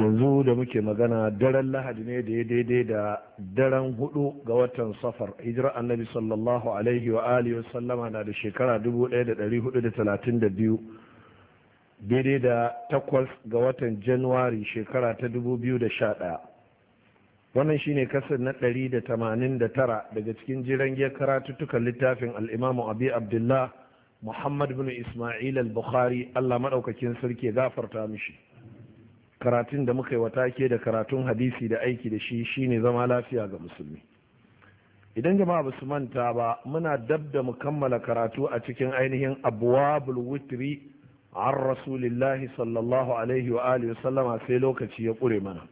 yanzu da muke magana daren lahadi ne da ya daidai da daren hudu ga watan safar hijira annabi sallallahu alaihi wa alihi wa sallama na da shekara 1432 daidai da takwas ga watan januwari shekara ta 2011 wannan shine kasar na 189 daga cikin jiran karatuttukan littafin al'imamu abi abdullah muhammad bin ismail al-bukhari allah maɗaukakin sarki ya gafarta mishi karatun da muka yi watake da karatun hadisi da aiki da shi shine zama lafiya ga musulmi idan jama'a ba su manta ba muna dab da mu kammala karatu a cikin ainihin abuwabul witri an rasulillahi sallallahu alaihi wa alihi sallama sai lokaci ya ƙure mana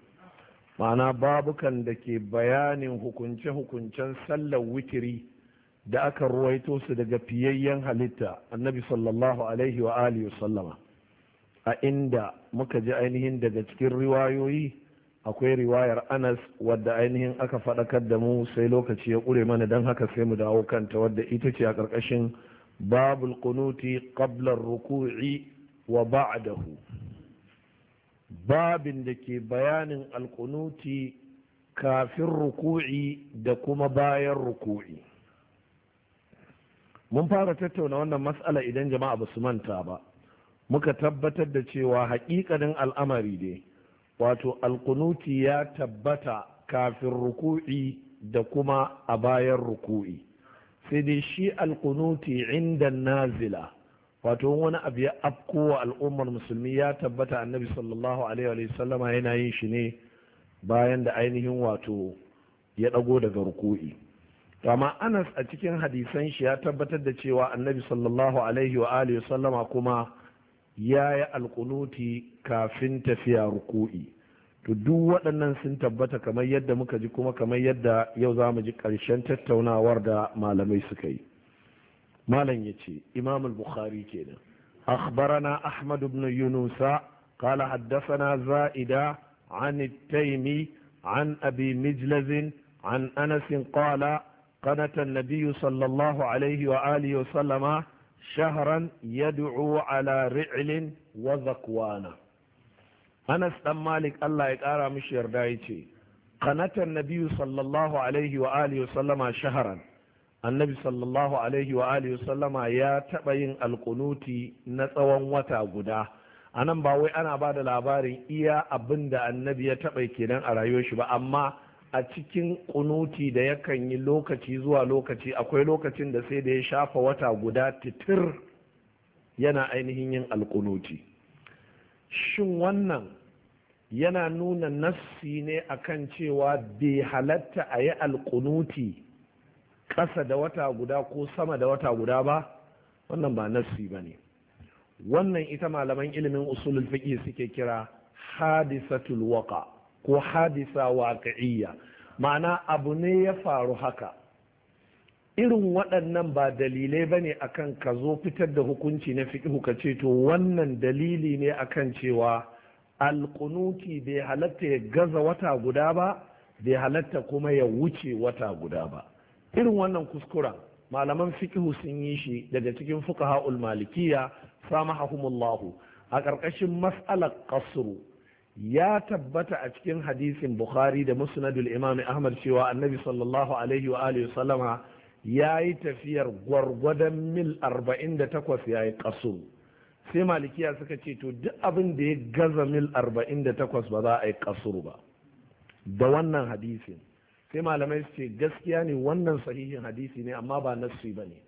ma'ana babukan da ke bayanin hukunce-hukuncen sallar witiri da aka ruwaito su daga fiyayyen halitta annabi sallallahu alaihi wa alihi sallama a inda muka ji ainihin daga cikin riwayoyi akwai riwayar anas wadda ainihin aka faɗakar da mu sai lokaci ya ƙure mana don haka sai mu dawo kanta wadda ita ce a ƙarƙashin babul kunuti qablar ruku'i wa ba'dahu babin da ke bayanin alkunuti kafin ruku'i da kuma bayan ruku'i mun fara tattauna wannan matsala idan jama'a ba su manta ba muka tabbatar da cewa haƙiƙanin al'amari ne wato alkunuti ya tabbata kafin ruku'i da kuma a bayan ruku'i sai dai shi alkunuti inda nazila wato wani abu ya afko wa al'ummar musulmi ya tabbata annabi sallallahu alaihi wa sallama yana yin shi ne bayan da ainihin wato ya ɗago daga ruku'i amma anas a cikin hadisan shi ya tabbatar da cewa annabi sallallahu alaihi wa alihi sallama kuma ya yi alkunuti kafin tafiya ruku'i to duk waɗannan sun tabbata kamar yadda muka ji kuma kamar yadda yau za mu ji ƙarshen tattaunawar da malamai suka yi malam ya ce imam bukhari kenan akhbarana ahmad ibn yunusa قال حدثنا زائدة عن التيمي عن an مجلز عن أنس قال قنت shahran ya ala ri'lin wa zakwana Anas ɗan Malik Allah ya ƙara mishi yarda yace qanatan nabiyyu sallallahu alaihi wa sallama shahran annabi sallallahu alaihi sallama ya taɓa yin alkunuti na tsawon wata guda anan ba wai ana ba da labarin iya abinda annabi ya taba kenan a rayuwar shi ba amma a cikin kunuti da yakan yi lokaci zuwa lokaci akwai lokacin da sai da ya shafa wata guda titir yana ainihin yin alkunuti shin wannan yana nuna nassi ne akan cewa bai halatta a yi alkunuti ƙasa da wata guda ko sama da wata guda ba wannan ba nassi ba ne wannan ita malaman ilimin usulul fiƙi suke kira hadisatul waqa' ko hadisa waƙi'iyya ma'ana abu ne ya faru haka irin waɗannan ba dalilai ba ne akan ka zo fitar da hukunci na fiƙihu ka ce to wannan dalili ne akan cewa alƙunuti bai halatta ya gaza wata guda ba bai halatta kuma ya wuce wata guda ba irin wannan kuskuren malaman fiƙihu sun yi shi daga cikin fuka ha'ul malikiya samahahumullahu a ƙarƙashin mas'alar qasru ya tabbata a cikin hadisin bukhari da musnadul imam ahmad cewa annabi sallallahu alaihi wa alihi sallama ya yi tafiyar gwargwadon mil 48 ya yi kaso sai malikiya suka ce to duk abin da ya gaza mil 48 ba za a yi kasur ba da wannan hadisin sai malamai su ce gaskiya ne wannan sahihin hadisi ne amma ba nassi ba ne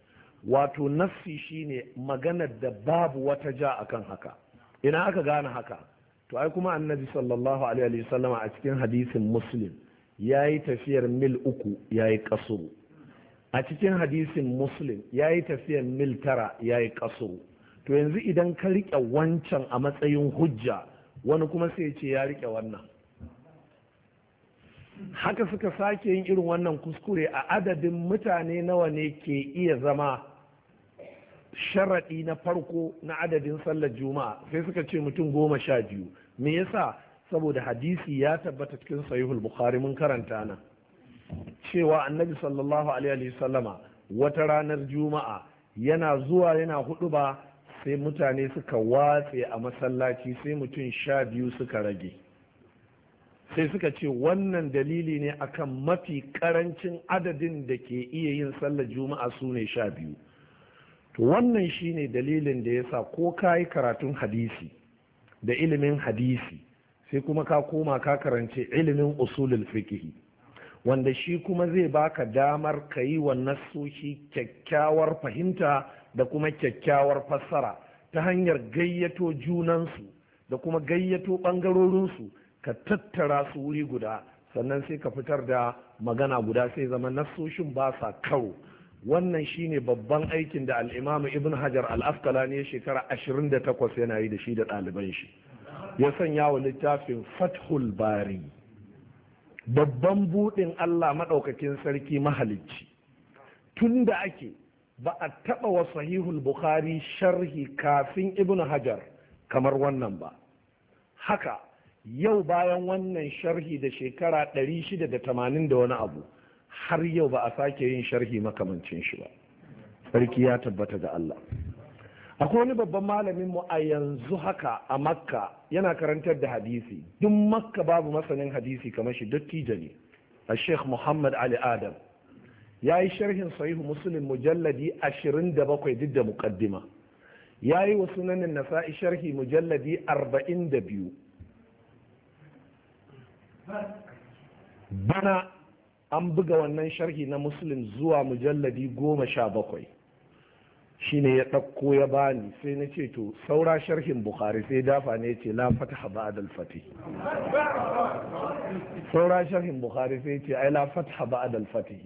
wato nassi shine maganar da babu wata ja akan haka ina aka gane haka to ai kuma annabi sallallahu alaihi wa sallama a cikin hadisin muslim yayi tafiyar mil uku yayi yi kasuru a cikin hadisin muslim yayi tafiyar mil tara yayi yi kasuru to yanzu idan ka rike wancan a matsayin hujja wani kuma sai ya ce ya rike wannan haka suka sake yin irin wannan kuskure a adadin mutane nawa ne ke iya zama sharaɗi na farko na adadin sallar juma'a sai suka ce mutum goma sha biyu me yasa saboda hadisi ya tabbata cikin sahihul bukhari mun karanta nan cewa annabi sallallahu alaihi wa sallama wata ranar juma'a yana zuwa yana hudu ba sai mutane suka watse a masallaci sai mutum sha biyu suka rage sai suka ce wannan dalili ne akan mafi karancin adadin da ke iya yin sallar juma'a su ne sha biyu to wannan shine dalilin da yasa ko kayi karatun hadisi da ilimin hadisi sai kuma ka koma ka karance ilimin usulul fiqh wanda shi kuma zai baka damar ka yi wa nassoshi kyakkyawar fahimta da kuma kyakkyawar fassara ta hanyar gayyato junansu da kuma gayyato ɓangarorinsu ka tattara su wuri guda sannan sai ka fitar da magana guda sai zama nassoshin ba sa karo wannan shine babban aikin da al'imamu ibn hajar al'afkala ya shekara 28 yana yi da shi da ɗaliban shi ya sanya wa littafin fathul bari babban buɗin allah maɗaukakin sarki mahalicci tun da ake ba a taɓa wa sahihul bukhari sharhi kafin ibn hajar kamar wannan ba haka yau bayan wannan sharhi da shekara 680 da wani abu har yau ba a sake yin sharhi makamancin shi ba sarki ya tabbata ga Allah akwai wani babban malamin mu a yanzu haka a makka yana karantar da hadisi duk makka babu masanin hadisi kamar shi duk ne a sheikh muhammad ali adam ya yi sharhin sahihu muslim mujalladi 27 duk da mukaddima ya yi wa sunanin nasa'i sharhi mujalladi 42 bana an buga wannan sharhi na muslim zuwa mujalladi goma sha bakwai Shi ne ya ɗauko ya bani sai na ce to saura sharhin bukhari sai dafa ne ce la fataha adal fati saura sharhin bukhari sai ce ai la fataha adal fati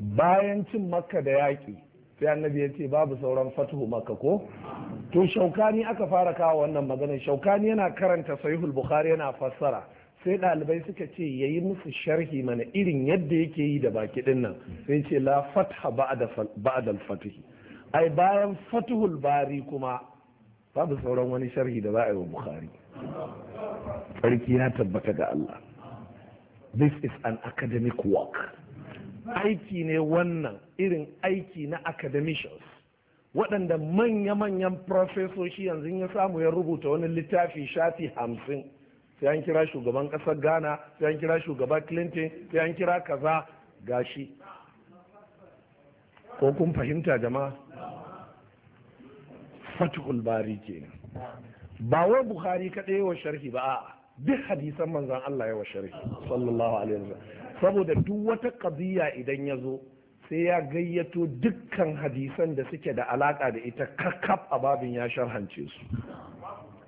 bayan cin makka da yaƙi sai annabi ya ce babu sauran fatuhu makka ko to shaukani aka fara kawo wannan magana shaukani yana karanta sahihul bukhari yana fassara sai ɗalibai suka ce ya yi musu sharhi mana irin yadda yake yi da baki ɗin nan sai ce la fatha ba'dal fatihi ai bayan fatuhul bari kuma babu sauran wani sharhi da za a yi wa bukhari sarki ya tabbata ga Allah this is an academic work aiki ne wannan irin aiki na academicians waɗanda manya-manyan profesoshi yanzu ya samu ya rubuta wani littafi shafi hamsin sai an kira shugaban ƙasar ghana sai an kira shugaban clinton sai an kira kaza gashi ko kun fahimta jama'a fatihul bari kenan ba wai bukhari kaɗai wa sharhi ba a'a duk hadisan manzan Allah yawa sharhi sallallahu alaihi wasallam saboda duk wata qadiya idan ya zo sai ya gayyato dukkan hadisan da suke da alaka da ita kakkaf a babin ya sharhance su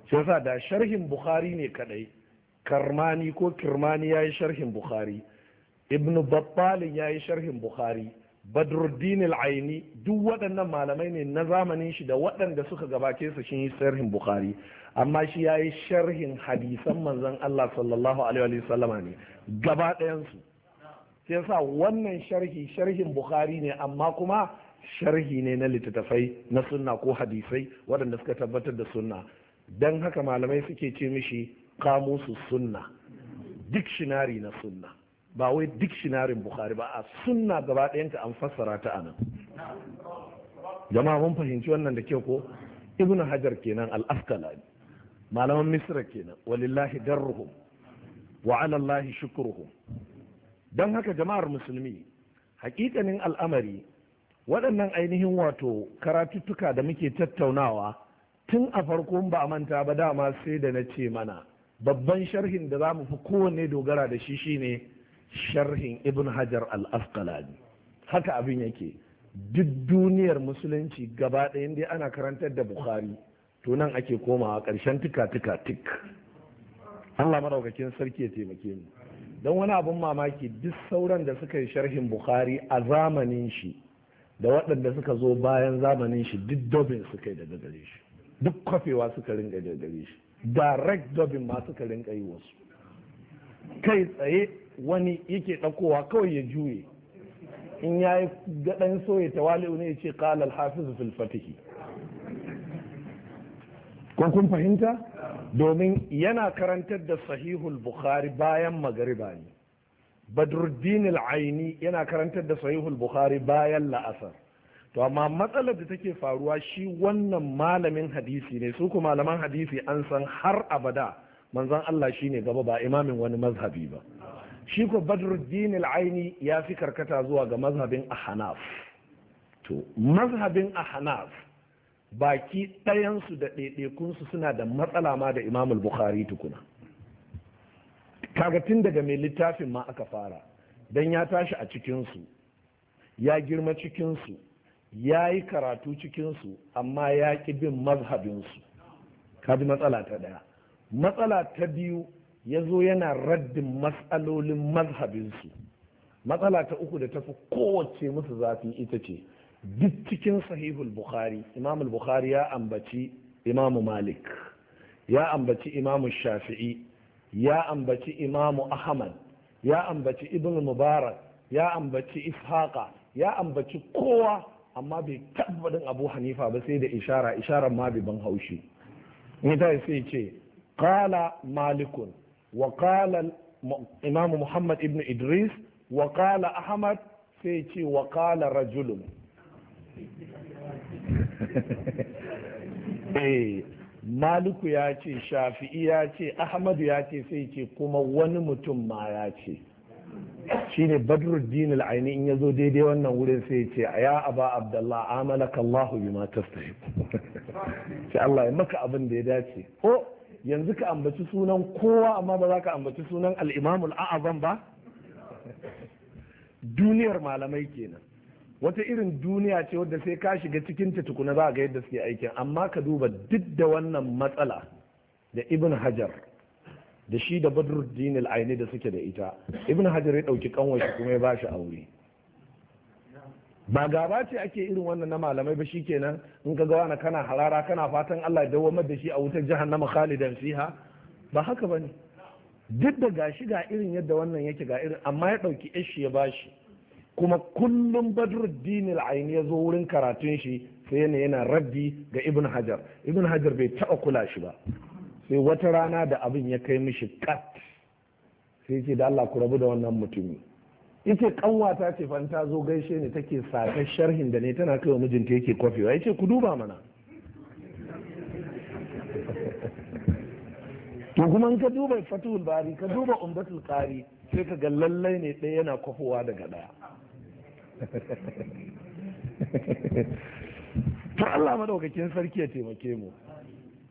shi yasa da sharhin bukhari ne kaɗai karmani ko kirmani ya yi sharhin bukhari ibn battalin ya yi sharhin bukhari badruddin al'aini duk waɗannan malamai ne na zamanin shi da waɗanda suka gabace su shi sharhin bukhari amma shi ya yi sharhin hadisan manzon allah sallallahu alaihi wasallama ne gaba ɗayansu sai yasa wannan sharhi sharhin bukhari ne amma kuma sharhi ne na littattafai na sunna ko hadisai waɗanda suka tabbatar da sunna don haka malamai suke ce mishi kamo su sunna dictionary na sunna ba wai dikshinarin bukhari ba a sunna gaba an fassara ta anan jama'a mun fahimci wannan da kyau ko ibnu hajar kenan al-asqalani malaman misra kenan walillahi darruhum wa ala allahi shukruhum dan haka jama'ar musulmi hakikanin al'amari waɗannan ainihin wato karatuttuka da muke tattaunawa tun a farko ba manta ba dama sai da na ce mana babban sharhin da za mu fi kowanne dogara da shi shine sharhin ibn hajar al-asqalani haka abin yake duk duniyar musulunci gaba ɗaya dai ana karantar da bukhari to nan ake komawa ƙarshen tuka tuka tik allah maraukakin sarki ya taimake mu don wani abin mamaki duk sauran da suka yi sharhin bukhari a zamanin shi da waɗanda suka zo bayan zamanin shi duk dobin suka yi daga gare shi duk kwafewa suka ringa daga gare shi direct dubbing masu suka rinka wasu kai tsaye wani yake ɗaukowa kawai ya juye in ya yi gaɗan soya tawali'u ne ya ce qala Hafizu hafiz fil fatihi ko kun fahimta domin yana karantar da sahihul bukhari bayan magariba ne badruddin al-aini yana karantar da sahihul bukhari bayan la'asar to amma matsalar da take faruwa shi wannan malamin hadisi ne su kuma malaman hadisi an san har abada manzon Allah shine gaba ba imamin wani mazhabi ba shi ko badruddin al-aini ya fi karkata zuwa ga mazhabin ahnaf to mazhabin ahnaf baki ɗayansu da su suna da matsala ma da imam al-bukhari tukuna kaga tun daga mai littafin ma aka fara dan ya tashi a cikinsu ya girma cikinsu ya yi karatu cikinsu amma ya ƙi bin mazhabinsu kaji matsala ta ɗaya matsala ta biyu ya zo yana raddin matsalolin mazhabinsu matsala ta uku da ta fi kowace musu zafi ita ce duk cikin sahihul bukhari imam bukhari ya ambaci imam malik ya ambaci imam shafi'i ya ambaci imam ahmad ya ambaci ibn mubarak ya ambaci ishaqa ya ambaci kowa amma bai tabbatin abu hanifa ba sai da ishara isharar ma bai ban haushi ni ta sai ce qala malikun wa qala imam muhammad ibn idris wa qala ahmad sai ce wa qala rajulun eh maliku ya ce shafi'i ya ce ahmadu ya ce sai ce kuma wani mutum ma ya ce Shi shine badruddin al-aini in yazo daidai wannan wurin sai ce ya aba abdullah amalaka allah bima tastahib sai allah ya maka abin da ya dace ko yanzu ka ambaci sunan kowa amma ba za ka ambaci sunan al-imam al-a'zam ba duniyar malamai kenan wata irin duniya ce wadda sai ka shiga cikin ta tukuna za ga yadda suke aikin amma ka duba duk da wannan matsala da ibn hajar da shi da badruddin al-aini da suke da ita ibn hajar ya dauki kanwar shi kuma ya bashi aure ba gaba ce ake irin wannan na malamai ba shikenan in ka ga wani kana harara kana fatan Allah ya dawo da shi a wutar jahannama khalidan fiha ba haka bane duk da gashi ga irin yadda wannan yake ga irin amma ya dauki ishi ya bashi kuma kullum badruddin al-aini ya zo wurin karatun shi sai yana yana rabbi ga ibn hajar ibn hajar bai taba kula shi ba sai wata rana da abin ya kai mishi kat sai ce da Allah ku rabu da wannan mutumi yace kanwata ce fa ta zo gaishe ne take sakar sharhin da ne tana kai wa mijinta yake Ya yace ku duba mana to kuma ka duba fatul bari ka duba umdatul qari sai ka ga lallai ne ɗaya yana kofowa daga ɗaya to Allah madaukakin sarki ya taimake mu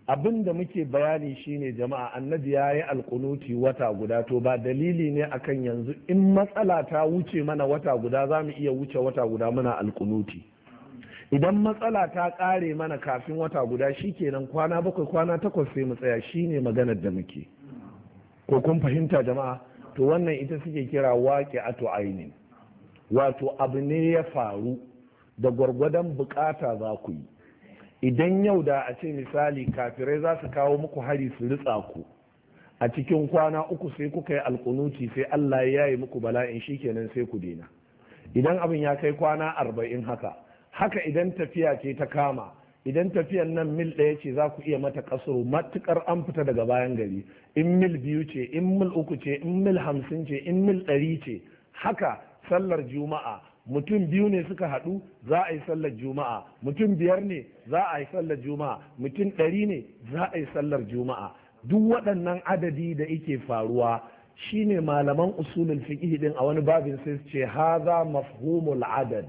abin da muke bayani shine jama'a annabi ya yi alkunuti wata guda to ba dalili ne akan yanzu in matsala ta wuce mana wata guda za mu iya wuce wata guda muna alkunuti idan matsala ta ƙare mana kafin wata guda shi kenan kwana bakwai kwana takwas sai mu tsaya shine maganar da muke ko kun fahimta jama'a to wannan ita suke kira waƙe ato ainin wato abu ne ya faru da gwargwadon bukata za ku yi idan yau da a ce misali kafirai za su kawo muku hari su ritsa ku a cikin kwana uku sai kuka yi alkunuti sai Allah ya yi muku bala'in shikenan sai ku dena idan abin ya kai kwana arba'in haka haka idan tafiya ce ta kama idan tafiyan nan mil ɗaya ce za ku iya mata kasuru matukar an fita daga bayan gari in mil biyu ce in mil uku ce in mil hamsin ce in mil ɗari ce haka sallar juma'a mutum biyu ne suka haɗu za a yi sallar juma'a mutum biyar ne za a yi sallar juma'a mutum ɗari ne za a yi sallar juma'a duk waɗannan adadi da yake faruwa shine malaman usulul fiqh din a wani babin sai su ce haza mafhumul adad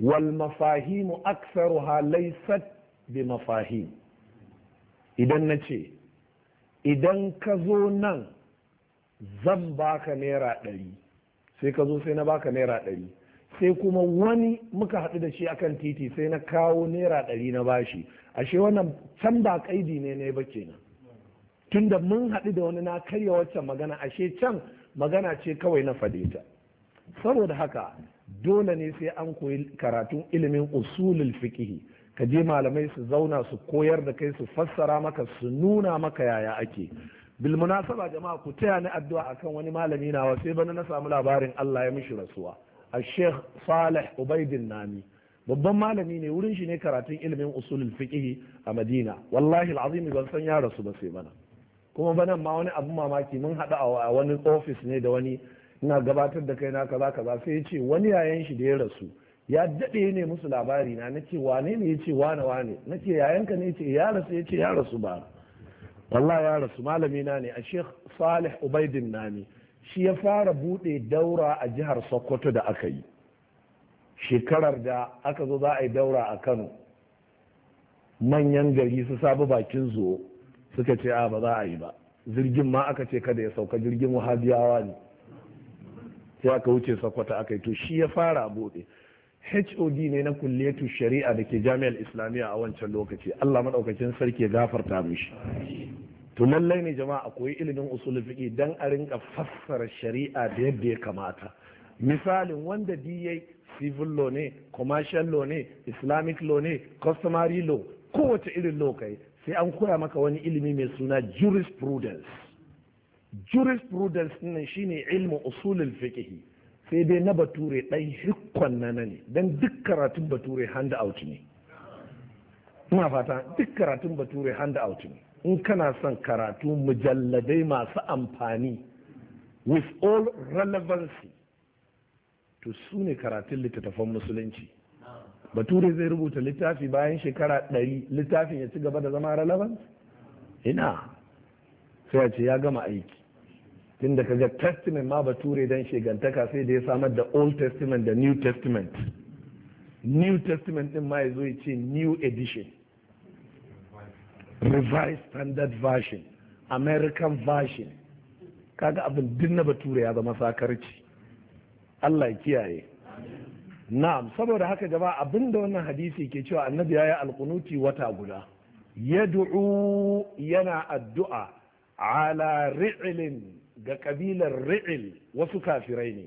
wal mafahimu aktsaruha laysat bi mafahim idan nace idan ka zo nan zan baka naira ɗari sai ka zo sai na baka naira ɗari sai kuma wani muka haɗu da shi akan titi sai na kawo naira ɗari na bashi ashe wannan can ba kaidi ne ne ba kenan tunda mun haɗu da wani na karya waccan magana ashe can magana ce kawai na faɗe ta saboda haka dole ne sai an koyi karatun ilimin usulul fikihi ka je malamai su zauna su koyar da kai su fassara maka su nuna maka yaya ake bil munasaba jama'a ku taya ni addu'a akan wani malami nawa sai bana na samu labarin Allah ya mishi rasuwa a sheikh salih ubaidin nami babban malami ne wurin shi ne karatun ilimin usulul fiqh a madina wallahi alazim ban san ya rasu ba sai bana kuma banan ma wani abu mamaki mun hada a wani office ne da wani ina gabatar da kaina kaza kaza sai ya ce wani yayan shi da ya rasu ya dade ne musu labari na nace wane ne yace wane wane nace ka ne yace ya rasu yace ya rasu ba wallahi ya rasu malami na ne a sheikh salih ubaidin nami shi ya fara buɗe daura a jihar sokoto da aka yi shekarar da aka zo za a yi daura a kano manyan gari su sabu bakin zo suka ce a ba za a yi ba jirgin ma aka ce kada ya sauka jirgin wahabiyawa ne sai aka wuce sokoto aka yi to shi ya fara buɗe hod ne na kulletu shari'a da ke jami'ar islamiyya a wancan lokaci allah maɗaukacin sarki ya gafarta mishi to lallai ne jama'a koyi ilimin usul fiqi dan a rinka fassara shari'a da yadda ya kamata misalin wanda DA civil law ne commercial law ne islamic law ne customary law kowace irin law kai sai an koya maka wani ilimi mai suna jurisprudence jurisprudence nan shine ilmin usulul fiqh sai dai na bature dan hikkon nan ne dan duk karatun bature hand out ne ina fata duk karatun bature hand out ne in kana son karatu mujalladai masu amfani with all relevancy to su ne karatun littattafan musulunci bature zai rubuta littafi bayan shekara ɗari littafin ya ci gaba da zama relevant ina sai ya ce ya gama aiki tun da ga testament ma bature don shegantaka sai da ya samar da old testament da new testament new testament din ma ya zo ya ce new edition revised standard version american version kaga abin din na bature ya zama sakarci allah ya kiyaye na'am saboda haka gaba abin da wannan hadisi ke cewa annabi ya yi alkunuti wata guda yad'u yana addu'a ala ri'ilin ga kabilar ri'il wasu kafirai ne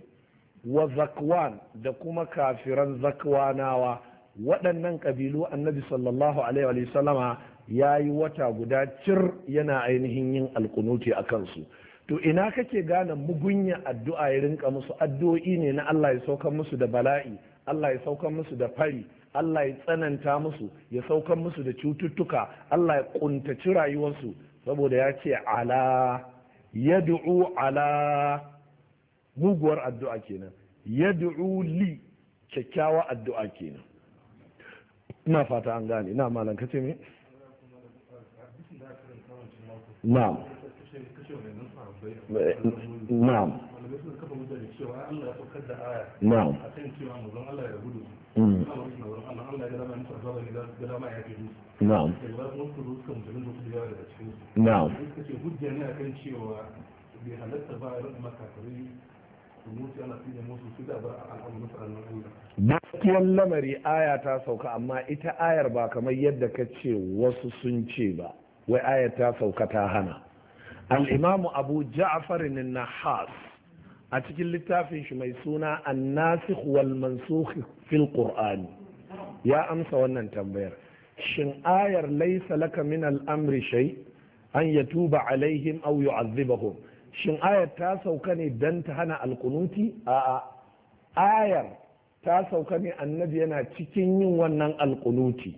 wa zakwan da kuma kafiran zakwanawa waɗannan ƙabilu annabi sallallahu alaihi wa sallama ya yi wata guda cir yana ainihin yin alkunuti a kansu to ina kake gane mugunya addu'a ya rinka musu addu'o'i ne na Allah ya saukan musu da bala'i Allah ya saukan musu da fari Allah ya tsananta musu ya saukan musu da cututtuka Allah ya kuntaci rayuwarsu saboda ya ce ala yad'u ala muguwar addu'a kenan yad'u li kyakkyawa addu'a kenan ina fata an gane ina ka ce me na. na'am gaskiyar lamari aya ta sauka amma ita ayar ba kamar yadda ka ce wasu sun ce ba wai ayar ta sauka ta hana al'imamu abu ja'farin nahas a cikin littafin shi mai suna annasikh wal mansukh fil qur'ani ya amsa wannan tambayar shin ayar laisa laka min al'amri shay an yatuba alaihim aw yu'adhibahum shin ayar ta sauka ne dan ta hana alkunuti a'a ayar ta sauka ne annabi yana cikin yin wannan alkunuti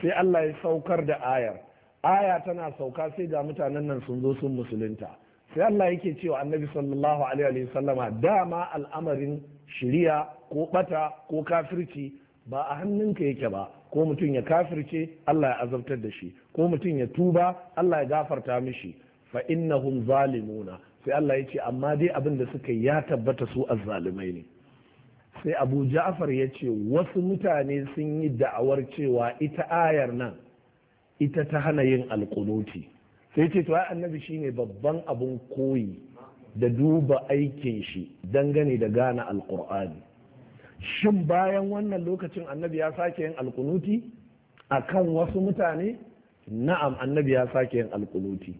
sai Allah ya saukar da ayar aya tana sauka sai ga mutanen nan sun zo sun musulunta sai Allah yake cewa annabi sallallahu alaihi wa sallama dama al'amarin shiriya ko bata ko kafirci ba a hannunka yake ba ko mutum ya kafirce Allah ya azabtar da shi ko mutum ya tuba Allah ya gafarta mishi fa innahum zalimuna sai Allah ya ce amma dai abin da suka ya tabbata su azzalumai ne sai Abu Ja'far yace wasu mutane sun yi da'awar cewa ita ayar nan ita ta hana yin alkunuti sai ce to annabi shine babban abun koyi da duba aikin shi dangane da gane alkur'ani shin bayan wannan lokacin annabi ya sake yin alkunuti a kan wasu mutane na'am annabi ya sake yin alkunuti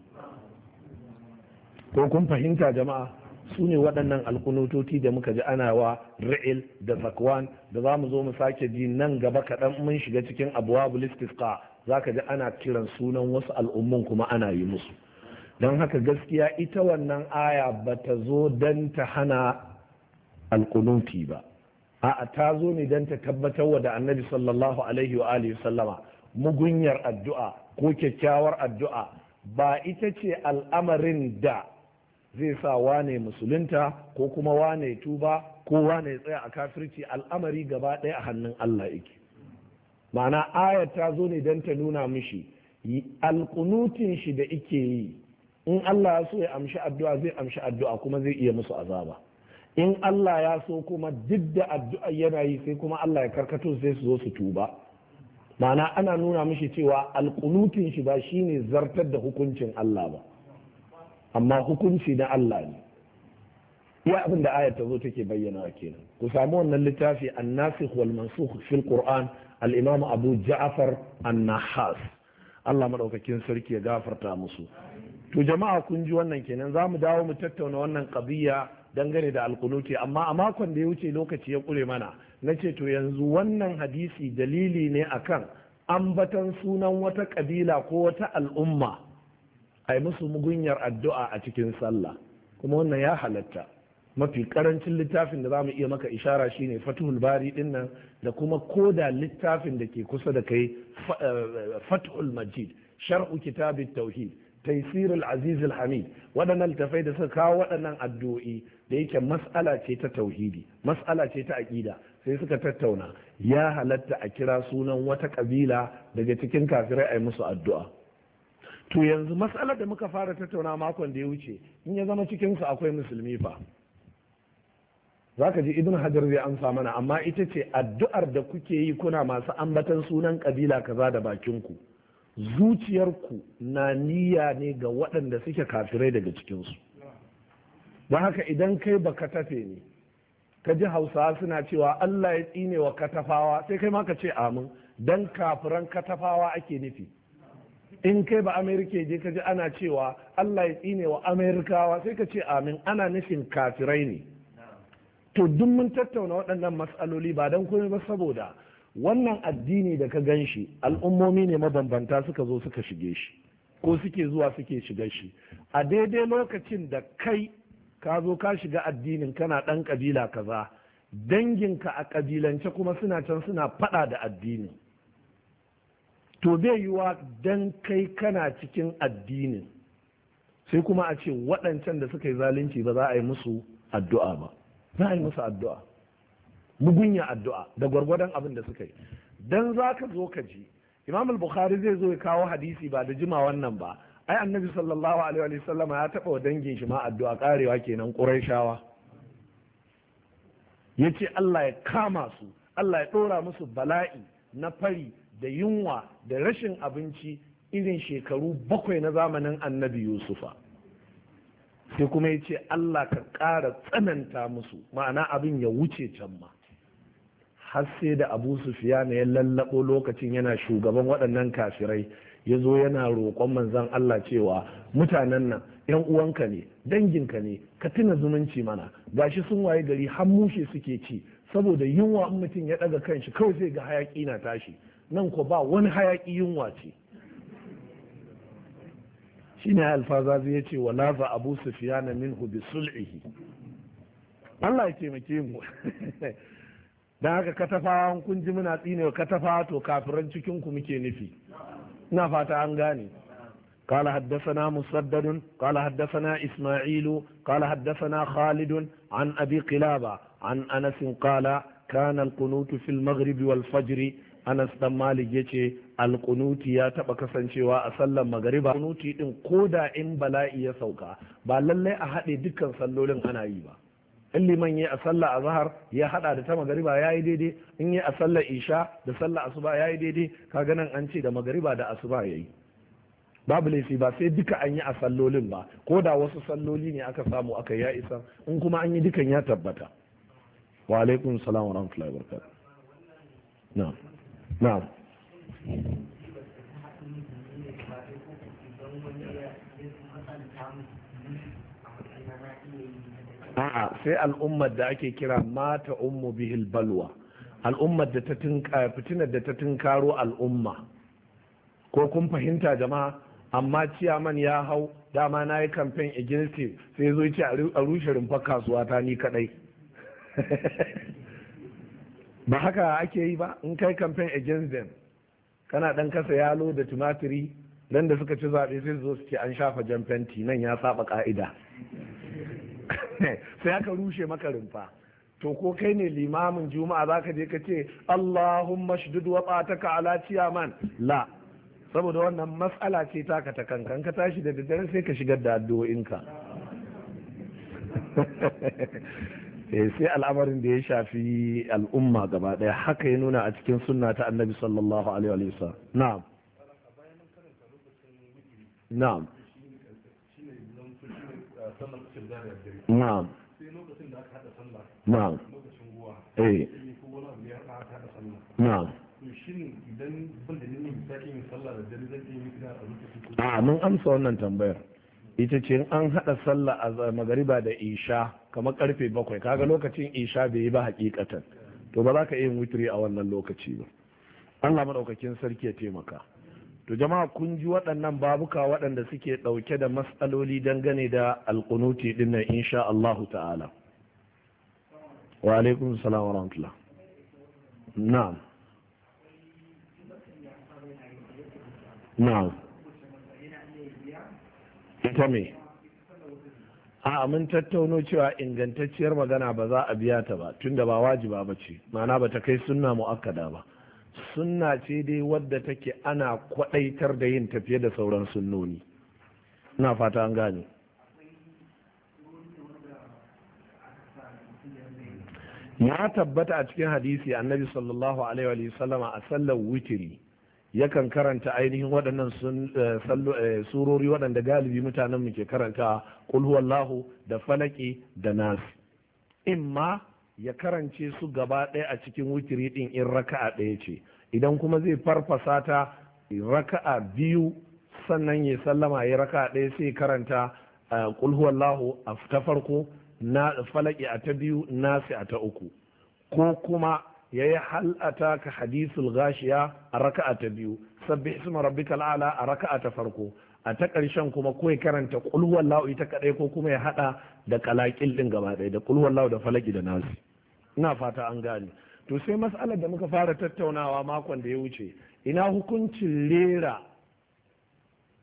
ko kun fahimta jama'a su ne waɗannan alkunutoti da muka ji ana wa ri'al da zakwan da za mu zo mu sake ji nan gaba kaɗan mun shiga cikin abuwa za ka ji ana kiran sunan wasu al'ummun kuma ana yi musu don haka gaskiya ita wannan aya ba ta zo don ta hana alkunuti ba a ta zo ne don ta tabbatar wa da annabi sallallahu alaihi wa alihi sallama mugunyar addu'a ko kyakkyawar addu'a ba ita ce al'amarin da zai sa wane musulunta ko kuma wane tuba ko wane tsaya a kafirci al'amari gaba ɗaya a hannun Allah yake ma'ana ayar ta zo ne don ta nuna mishi alƙunutin shi da ike yi in Allah ya so ya amshi addu'a zai amshi addu'a kuma zai iya musu azaba in Allah ya so kuma duk da addu'a yana yi sai kuma Allah ya karkato sai su zo su tuba ma'ana ana nuna mishi cewa alkunutin shi ba shi ne zartar da hukuncin Allah ba amma hukunci na Allah ne ya abin da ayar ta zo take bayyana kenan ku samu wannan littafi annasikh wal mansukh fil qur'an al-imam abu ja'far an-nahas Allah madaukakin sarki ya gafarta musu to jama'a kun ji wannan kenan za mu dawo mu tattauna wannan qadiyya dangane da alkunuti amma a makon da ya wuce lokaci ya kure mana na ce to yanzu wannan hadisi dalili ne akan ambatan sunan wata kabila ko wata al'umma ai musu mugunyar addu'a a cikin sallah kuma wannan ya halatta mafi karancin littafin da za mu iya maka ishara shine fathul bari din nan da kuma koda littafin da ke kusa da kai eh, fathul majid shar'u kitabit tauhid Taisirul al hamid waɗannan littafai da suka kawo waɗannan addu'o'i da yake mas'ala ce ta tauhidi mas'ala ce ta aqida sai suka tattauna ya halatta a kira sunan wata kabila daga cikin kafirai ai musu addu'a to yanzu mas'alar da muka fara tattauna makon da ya wuce in ya zama cikin su akwai musulmi fa za ka ji idan hajar zai amsa mana amma ita ce addu'ar da kuke yi kuna masu ambatan sunan kabila kaza da bakinku zuciyarku na niyya ne ga waɗanda suke kafirai daga cikinsu don haka idan kai ba ka tafe ne ka ji hausawa suna cewa allah ya tsine wa katafawa sai kai ma ka ce amin don kafiran katafawa ake nufi in kai ba amerika je ka ji ana cewa allah ya tsine wa amerikawa sai ka ce amin ana nufin kafirai ne to duk mun tattauna waɗannan matsaloli ba don komai ba saboda wannan addini da ka gan shi al'ummomi ne mabambanta suka zo suka shige shi ko suke zuwa suke shiga shi a daidai lokacin da kai ka zo ka shiga addinin kana ɗan ƙabila kaza danginka a ƙabilance kuma suna can suna faɗa da addinin to bai yiwa dan kai kana cikin addinin sai kuma a ce waɗancan da suka yi zalunci ba za a yi musu addu'a ba za a yi musu addu'a mugunya addu'a da gwargwadon abin da suka yi dan za ka zo ka ji imam al-bukhari zai zo ya kawo hadisi ba da jima wannan ba ai annabi sallallahu alaihi wa sallam ya taba wa dangin shi ma addu'a karewa kenan quraishawa yace Allah ya kama su Allah ya dora musu bala'i na fari da yunwa da rashin abinci irin shekaru bakwai na zamanin annabi yusufa sai kuma ya ce Allah ka ƙara tsananta musu ma'ana abin ya wuce can ma har sai da abu na ya lallaɓo lokacin yana shugaban waɗannan kafirai ya zo yana roƙon manzan Allah cewa mutanen nan yan uwanka ne danginka ne ka tuna zumunci mana gashi sun waye gari har mushe suke ci saboda yunwa mutum ya ɗaga kanshi kawai zai ga hayaƙi na tashi nan ko ba wani hayaƙi yunwa ce shine alfazazi ya ce wala za abu sufiyana minhu bi sul'ihi Allah ya taimake mu dan haka katafawa kun ji muna tsinewa katafawa to kafiran cikin ku muke nufi ina fata an gane قال حدثنا مسدد قال حدثنا إسماعيل قال حدثنا خالد عن أبي قلابة عن أنس قال كان القنوت في المغرب والفجر anas dan malik ya ce alkunuti ya taba kasancewa a sallar magariba alkunuti din koda in bala'i ya sauka ba lallai a haɗe dukkan sallolin ana yi ba in liman yi a sallar azhar ya hada da ta magariba ya yi daidai in ya a sallar isha da sallar asuba ya yi daidai kaga nan an ce da magariba da asuba ya yi babu laifi ba sai duka an yi a sallolin ba ko da wasu salloli ne aka samu aka ya isa in kuma an yi dukan ya tabbata wa alaikum salam wa rahmatullahi wa barakatuh na'am نعم a'a sai al'ummar da ake kira mata ummu bihil balwa al'ummar da ta fitinar da ta tinkaro al'umma ko kun fahimta jama'a amma man ya hau dama na yi kamfen against sai zo ce a rushe rumfar kasuwa ta ni kadai ba haka ake yi ba in kai campaign against them kana dan kasa yalo da tumatiri dan da suka ci zaɓe sai zo su ce an shafa jan fenti nan ya saba ka'ida sai aka rushe maka rumfa to ko kai ne limamin juma'a za ka je ka ce allahumma shudud wa ɓataka ala ciyaman la saboda wannan matsala ce taka ta kankan ka tashi da daddare sai ka shigar da addu'o'inka Eh, sai al'amarin da ya shafi al'umma gaba daya haka ya nuna a cikin sunna ta annabi sallallahu alaihi wa sallam na'am na'am na'am na'am eh na'am a mun amsa wannan tambayar ita ce an haɗa sallah a magariba da isha kamar karfe bakwai kaga lokacin isha bai yi ba hakikatan to ba za ka yin witiri a wannan lokaci ba an Allah ɗaukakin sarki ya taimaka to jama'a kun ji waɗannan babuka waɗanda suke ɗauke da matsaloli dangane da alƙunuti ɗin nan insha Allahu ta'ala wa alaikum salam wa rahmatullah na'am ta me a mun tattauno cewa ingantacciyar magana ba za a biya ta ba tunda ba wajiba ba ce mana ba ta kai sunna mu'akkada ba sunna ce dai wadda take ana kwadaitar da yin tafiye da sauran sunnoni na fata an gane ya tabbata a cikin hadisi annabi sallallahu alaihi wa sallama a sallar witiri yakan karanta ainihin waɗannan eh, eh, surori waɗanda galibi mutanen mu ke karanta kulhuwallahu da falaki da nasi imma ya karance su gaba ɗaya a cikin wikiri ɗin in raka'a ɗaya ce idan kuma zai farfasa ta raka'a biyu sannan ya sallama ya raka'a ɗaya sai karanta kulhuwallahu eh, a ta farko falaki a ta biyu nasi a ta uku ko kuma yayi hal ataka hadithul gashiya a raka'a ta biyu sabbih isma rabbikal a'la a raka'a ta farko a ta ƙarshen kuma ko ya karanta qul lau ita kadai ko kuma ya hada da kalakil din gaba ɗaya da kulwar lau da falaki da nasi ina fata an gane to sai mas'alar da muka fara tattaunawa makon da ya wuce ina hukuncin rera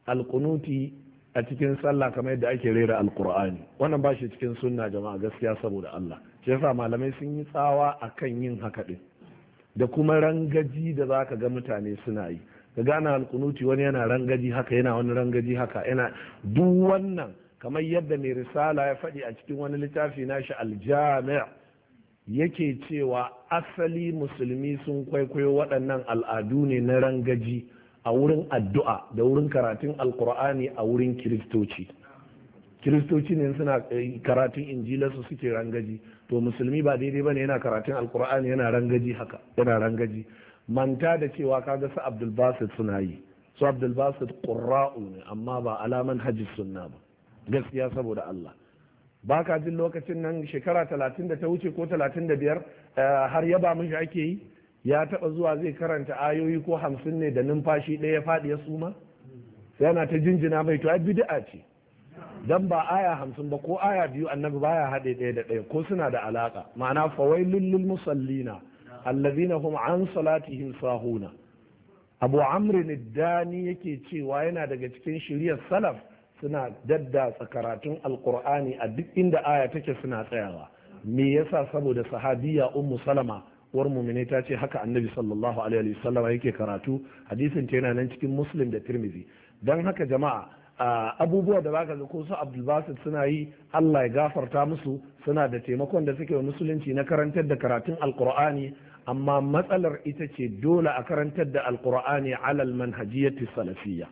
alkunuti a cikin sallah kamar yadda ake rera alkur'ani wannan ba shi cikin sunna jama'a gaskiya saboda Allah shi yasa malamai sun yi tsawa a kan yin haka ɗin da kuma rangaji da za ka ga mutane suna yi ka gane alkunuti wani yana rangaji haka yana wani rangaji haka yana duk wannan kamar yadda mai risala ya faɗi a cikin wani littafi nashi aljami'a yake cewa asali musulmi sun kwaikwayo waɗannan al'adu ne na rangaji a wurin addu'a da wurin karatun alkur'ani a wurin kiristoci kiristoci ne suna eh, karatun injila su suke rangaji to musulmi ba daidai bane yana karatun alkur'ani yana rangaji haka yana rangaji manta da cewa kaga su abdul basit suna yi su abdul basit ne amma ba alaman hajji sunna ba gaskiya saboda Allah ba ka jin lokacin nan shekara talatin da ta wuce ko talatin da biyar eh, har yaba mishi ake yi ya taba zuwa zai karanta ayoyi ko hamsin ne da numfashi ɗaya faɗi ya suma yana ta jinjina mai to ai bid'a ce dan ba aya hamsin ba ko aya biyu annabi baya haɗe ɗaya da ɗaya ko suna da alaƙa ma'ana fawai lullul musallina allazina hum an salatihim sahuna abu amrin dani yake cewa yana daga cikin shiriyar salaf suna daddatsa karatun alqur'ani a duk inda aya take suna tsayawa me yasa saboda sahabiya ummu salama war mu'mini ta ce haka annabi sallallahu alaihi wasallam yake karatu hadisin ta yana nan cikin muslim da tirmizi dan haka jama'a abubuwa da baka ga ko su abdulbasit suna yi allah ya gafarta musu suna da taimakon da suke wa musulunci na karantar da karatun alkur'ani amma matsalar ita ce dole a karantar da alkur'ani alal manhajiyyati salafiyya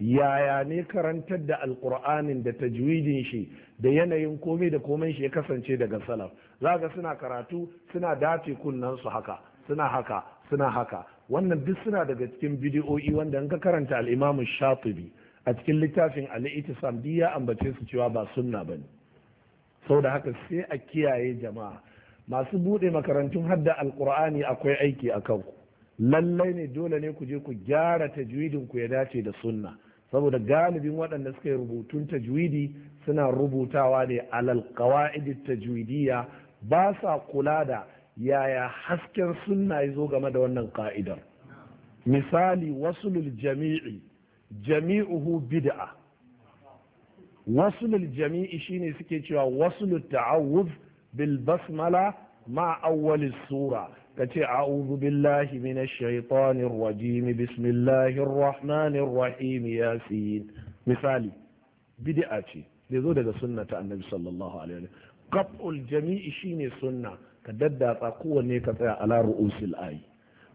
yaya ne karantar da alkur'anin da tajwidin shi da yanayin komai da komai shi ya kasance daga salaf za ga suna karatu suna dace kunnan su haka suna haka suna haka wannan duk suna daga cikin bidiyo'i wanda in ka karanta al'imamu shatibi a cikin littafin al'itisam duk ya ambace su cewa ba sunna ba Sau da haka sai a kiyaye jama'a masu buɗe makarantun hadda alkur'ani akwai aiki a kanku lallai ne dole ne ku je ku gyara tajwidin ku ya dace da sunna saboda galibin waɗanda suka yi rubutun tajwidi suna rubutawa ne alal qawaid tajwidiyya ba sa kula da yaya hasken sunna ya zo game da wannan ka'idar misali wasulul jami'i jami'uhu bid'a wasulul jami'i shine suke cewa wasulul ta'awuz bil basmala ma awwalis sura kace a'udhu billahi minash shaitanir rajim bismillahir rahmanir rahim yasin misali bid'a ce da zo daga sunna ta annabi sallallahu alaihi wasallam qat'ul jami'i shine sunna ka daddatsa kowanne ka tsaya ala ru'usil ayi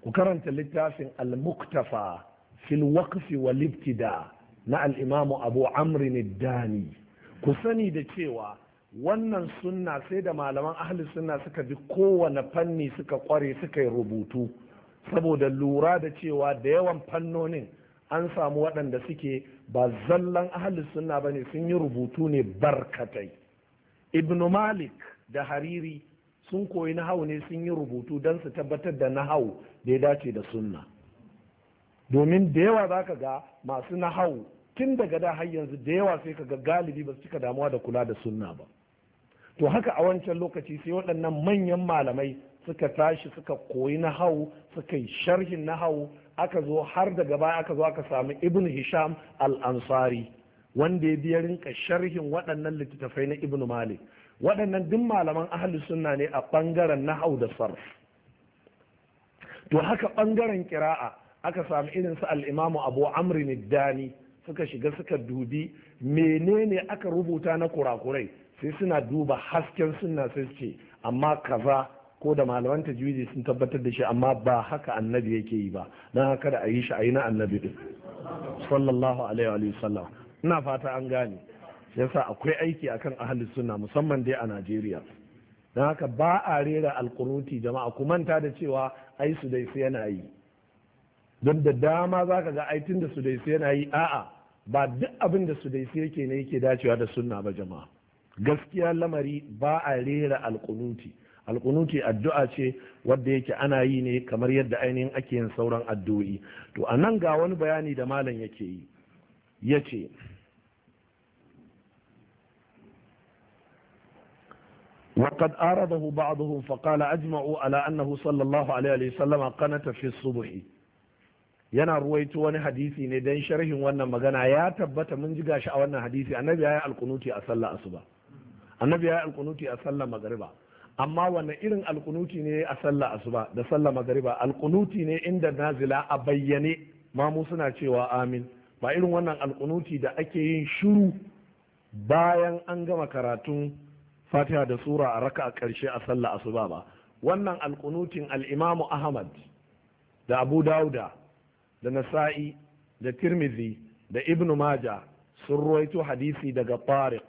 ku karanta littafin al-muktafa fil waqfi wal ibtida na al-imam abu amr dani ku sani da cewa wannan sunna sai da malaman ahli sunna suka bi kowane fanni suka kware suka yi rubutu saboda lura da cewa da yawan fannonin an samu waɗanda suke ba zallan ahli sunna ne sun yi rubutu ne barkatai ibn malik da hariri sun koyi nahau ne sun yi rubutu don su tabbatar da nahau da ya dace da sunna domin da yawa za ka ga masu nahau tun daga da har yanzu da yawa sai ka ga galibi ba su cika damuwa da kula da sunna ba to haka a wancan lokaci sai waɗannan manyan malamai suka tashi suka koyi nahau suka yi sharhin nahau aka zo har daga baya aka zo aka samu ibn hisham al-ansari wanda ya biya rinka sharhin waɗannan littattafai na ibn malik waɗannan duk malaman ahli sunna ne a ɓangaren nahau da sarf to haka ɓangaren kira'a aka sami irin su al'imamu abu amri nidani suka shiga suka dubi menene aka rubuta na kurakurai sai suna duba hasken sunna sai ce amma kaza ko da malaman tajwidi sun tabbatar da shi amma ba haka annabi yake yi ba don haka da a yi shi a yi na annabi din sallallahu alaihi wa sallam ina fata an gane yasa akwai aiki akan ahli sunna musamman dai a Najeriya don haka ba a rera alkunuti jama'a ku manta da cewa ai su dai su yana yi don da dama za ka ga aitin da sudaisi yana yi a'a ba duk abin da sudaisi yake ne yake dacewa da sunna ba jama'a gaskiya lamari ba a rera alkunuti alkunuti addu'a ce wadda yake ana yi ne kamar yadda ainihin ake yin sauran addu'o'i to a nan ga wani bayani da malam yake yi ya ce وقد آرضه بعضهم فقال أجمعوا على أنه صلى الله عليه وسلم قنت في الصبح yana ruwaito wani hadisi ne dan sharhin wannan magana ya tabbata mun ji gashi a wannan hadisi annabi yayi alkunuti a sallah asuba annabi yayi alkunuti a sallah magriba amma wannan irin alkunuti ne a sallah asuba da sallah magriba alkunuti ne inda nazila a bayyane mamu suna cewa amin ba irin wannan alkunuti da ake yin shiru bayan an gama karatun fatiha da sura a raka a ƙarshe a sallah asuba ba wannan alkunutin al'imamu ahmad da abu dauda da nasa'i da tirmizi da ibn maja sun ruwaito hadisi daga tariq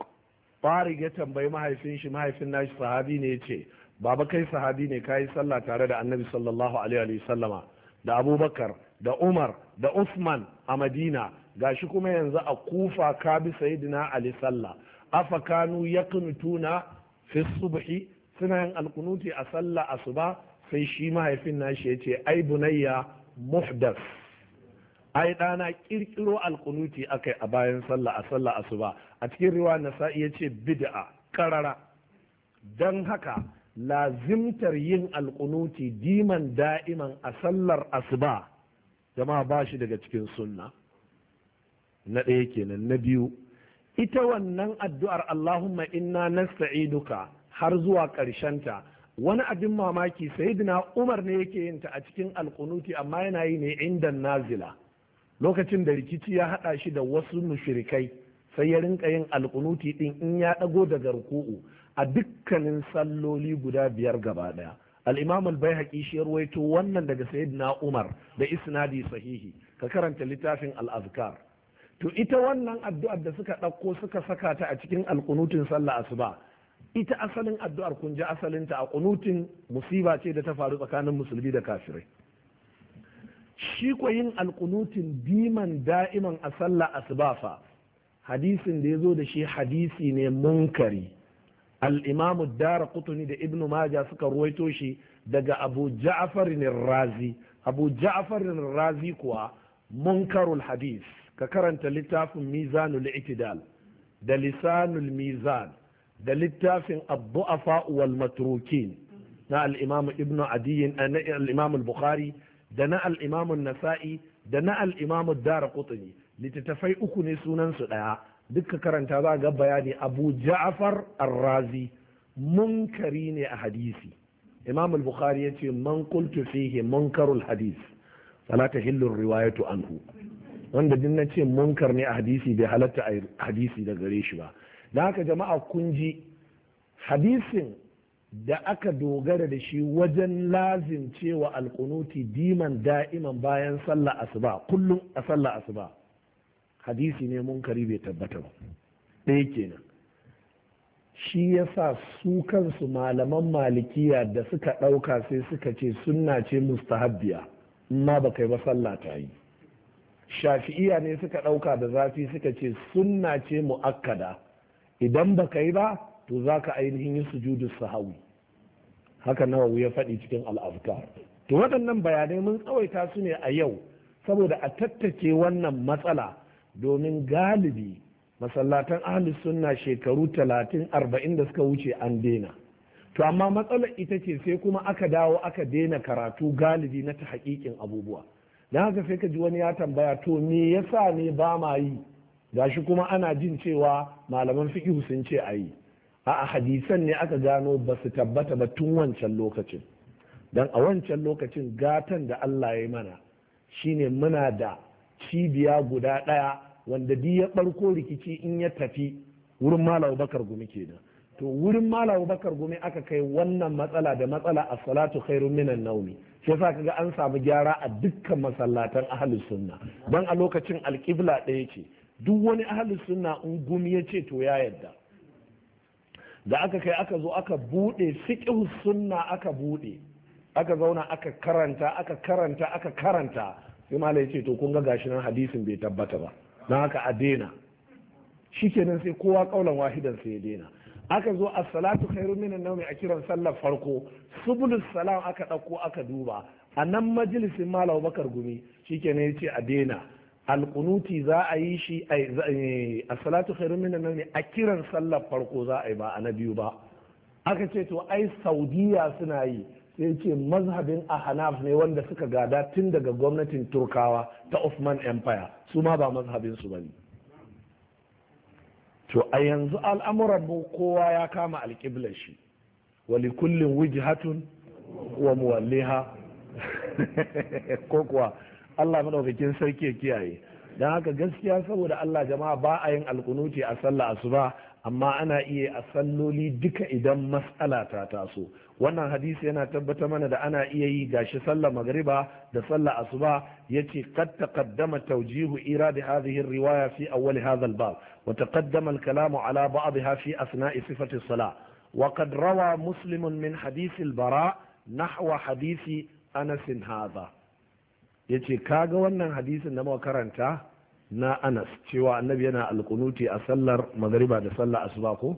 tariq ya tambayi mahaifin shi mahaifin nashi sahabi ne ya ce baba kai sahabi ne kayi sallah tare da annabi sallallahu alaihi da abubakar da umar da usman a madina gashi kuma yanzu a kufa ka bi sayidina ali sallah afa kanu yaqnutuna fi subhi suna yin alkunuti a sallah asuba sai shi mahaifin nashi ya ce ai bunayya muhdas ai ɗana ƙirƙiro alkunuti akai a bayan sallah a sallah asuba a cikin riwa nasa'i ya ce bid'a karara dan haka lazimtar yin alkunuti diman da'iman a sallar asuba jama'a ba shi daga cikin sunna na ɗaya kenan na biyu ita wannan addu'ar Allahumma inna nasta'iduka har zuwa ta wani abin mamaki sayyidina Umar ne yake yin ta a cikin alƙunuti amma yana yi ne inda nazila lokacin da rikici ya haɗa shi da wasu mushrikai sai ya rinka yin alkunuti ɗin in ya ɗago daga ruku'u a dukkanin salloli guda biyar gaba ɗaya al-imam al-baihaqi shi ruwaito wannan daga sayyidina umar da isnadi sahihi ka karanta littafin al-azkar to ita wannan addu'ar da suka ɗauko suka saka ta a cikin alkunutin sallah asuba ita asalin addu'ar kun ji asalinta a kunutin musiba ce da ta faru tsakanin musulmi da kafirai shi yin alkunutin diman da'iman a sallah asbafa hadisin da ya zo da shi hadisi ne munkari alimamu dara kutuni da ibnu maja suka ruwaito shi daga abu ja'farin razi abu razi kuwa munkarul hadis ka karanta littafin mizanul itidal da lisanul mizan da littafin abdu'afa wal matrukin na al ibnu adiyin eh, na al bukhari da na al'imamun nasa'i da na al'imamun dara kutuni littattafai uku ne sunansu ɗaya dukka karanta za ga bayani abu ja'afar arrazi munkari ne a hadisi Imamul bukhari ya ce man qultu fihi munkarul hadis fala tahillu riwayatu anhu wanda din ce munkar ne a hadisi bai halatta a hadisi da gare shi ba da haka jama'a kun ji hadisin da aka dogara da shi wajen lazimcewa alkunuti diman da'iman bayan sallah asuba kullum a sallah asuba hadisi ne mun munkari bai tabbata ba ɗaya kenan shi ya sa su kansu malaman malikiya da suka ɗauka sai suka ce sunna ce mustahabbiya ma ba kai ba sallah ta yi shafi'iya ne suka ɗauka da zafi suka ce sunna ce mu'akkada idan ba yi ba to za ka ainihin yi sujudu sahawi haka nawa ya faɗi cikin al'afkar to waɗannan bayanai mun tsawaita su ne a yau saboda a tattake wannan matsala domin galibi masallatan ahli sunna shekaru talatin arba'in da suka wuce an daina to amma matsalar ita ce sai kuma aka dawo aka daina karatu galibi na ta haƙiƙin abubuwa don haka sai ka ji wani ya tambaya to me yasa ne ba ma yi gashi kuma ana jin cewa malaman fiƙihu sun ce a yi a hadisan ne aka gano ba su tabbata ba tun wancan lokacin don a wancan lokacin gatan da Allah ya yi mana shine muna da cibiya guda ɗaya wanda duk ya ɓarko rikici in ya tafi wurin malam bakar gumi kenan to wurin malam bakar gumi aka kai wannan matsala da matsala a salatu khairun minan naumi sai sa kaga an samu gyara a dukkan masallatan ahlus sunna don a lokacin alƙibla ɗaya ce duk wani ahlus sunna in gumi ya ce to ya yadda da aka kai aka zo aka buɗe fiqh sunna aka buɗe aka zauna aka karanta aka karanta aka karanta sai mala ya ce to kun ga gashi nan hadisin bai tabbata ba don haka a dena shikenan sai kowa kaulan wahidan sai ya daina aka zo a salatu khairu minan nawmi a kiran sallar farko subulus salam aka ɗauko aka duba a nan majalisin malam bakar gumi shikenan ya ce a daina alkunuti za a yi shi a eh, salatu khairun min nan a kiran sallar farko za a yi ba a na biyu ba aka ce to ai saudiya suna yi sai ce mazhabin ahanaf ne wanda suka gada tun daga gwamnatin turkawa ta Osman empire su ma ba mazhabin su bane to a yanzu al'amuran mu kowa ya kama alƙiblar shi wali kullin wijhatun wa muwalliha ko kuwa Allah madaukakin sarki ya kiyaye don haka gaskiya saboda Allah jama'a ba a yin alkunuti a sallah asuba amma ana iya a salloli duka idan matsala ta taso wannan hadisi yana tabbata mana da ana iya yi gashi sallah magriba da sallah asuba yace qad taqaddama tawjihu irad hadhihi riwaya fi awwal hadha al-bab wa taqaddama al-kalamu ala ba'dha fi asna'i sifati as-salah wa qad rawa muslim min hadith al-bara nahwa hadisi anas hadha ya ce kaga wannan hadisin da muka karanta na anas cewa annabi yana alkunuti a sallar magariba da sallar asuba ko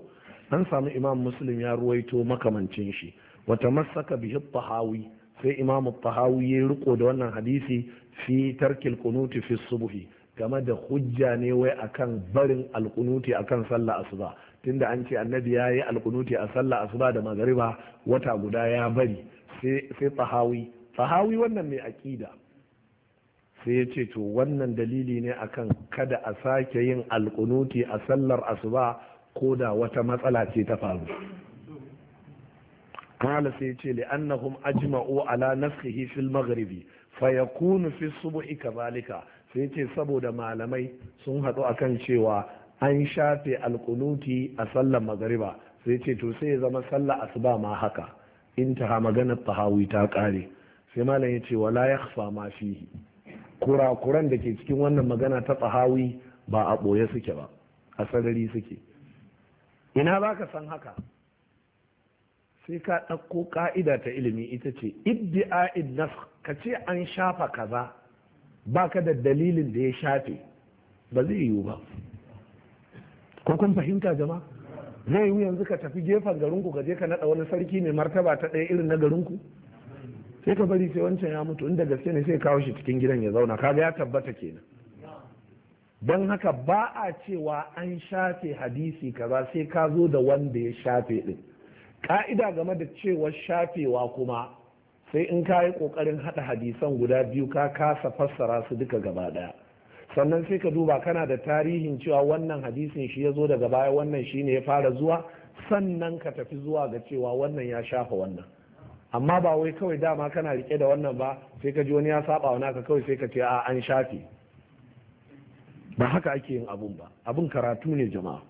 an samu imam muslim ya ruwaito makamancin shi wata masaka bihi tahawi sai imam tahawi ya riko da wannan hadisi fi tarkil kunuti fi subhi game da hujja ne wai akan barin alkunuti akan sallar asuba tunda an ce annabi ya yi alkunuti a sallar asuba da magariba wata guda ya bari sai tahawi tahawi wannan mai aƙida sai ya ce to wannan dalili ne akan kada a sake yin alkunuti a sallar asuba ko da wata matsala ce ta faru kala sai ce annahum ajma'u ala nafsihi fil maghribi fa yakunu fi subhi kadhalika sai ce saboda malamai sun haɗu akan cewa an shafe alkunuti a sallar magariba sai ce to sai ya zama sallar asuba ma haka intaha maganar tahawi ta kare sai malam ya ce wala yakhfa ma fihi kurakuran da ke cikin wannan magana ta tsahawi ba a ɓoye suke ba a sarari suke ina za ka san haka sai ka ɗauko ƙa'ida ta ilimi ita ce iddi'a'id nas ka ce an shafa kaza ba ka da dalilin da ya shafe ba zai yiwu ba ko kun fahimta jama'a zai yiwu yanzu ka tafi gefen garinku ka je ka naɗa wani sarki mai martaba ta ɗaya irin na garinku sai ka bari sai wancan ya mutu inda gaske ne sai kawo shi cikin gidan ya zauna kaga ya tabbata kenan don haka ba a cewa an shafe hadisi kaza sai ka zo da wanda ya shafe din ka'ida game da cewa shafewa kuma sai in ka yi kokarin hada hadisan guda biyu ka kasa fassara su duka gaba daya sannan sai ka duba kana da tarihin cewa wannan hadisin shi ya zo daga baya wannan shi ne ya fara zuwa sannan ka tafi zuwa ga cewa wannan ya shafa wannan amma ba wai kawai dama kana rike da wannan ba sai ka ji wani ya saba wa naka kawai sai ka ce a an shafe ba haka ake yin abun ba abun karatu ne jama'a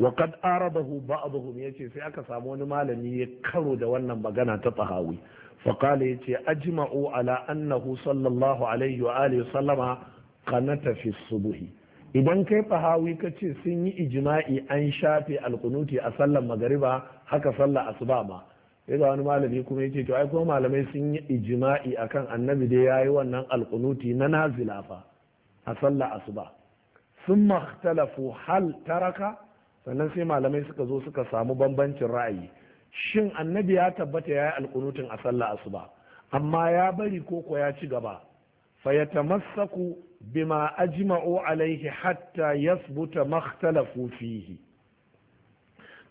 wa qad aradahu ba'dhum yace sai aka samu wani malami ya karo da wannan magana ta tahawi fa qala yace ajma'u ala annahu sallallahu alaihi wa alihi sallama qanata fi subuhi idan kai tahawi kace sun yi ijma'i an shafe alqunuti a sallar magariba haka sallar asuba ba. sai ga wani malami kuma yake to ai kuma malamai sun yi ijma'i akan annabi dai yayi wannan alkunuti na nazila fa a sallah asuba sun ikhtalafu hal taraka sannan sai malamai suka zo suka samu bambancin ra'ayi shin annabi ya tabbata yi alkunutin a sallah asuba amma ya bari koko ya ci gaba tamassaku bima ajma'u alaihi hatta yasbuta makhtalafu fihi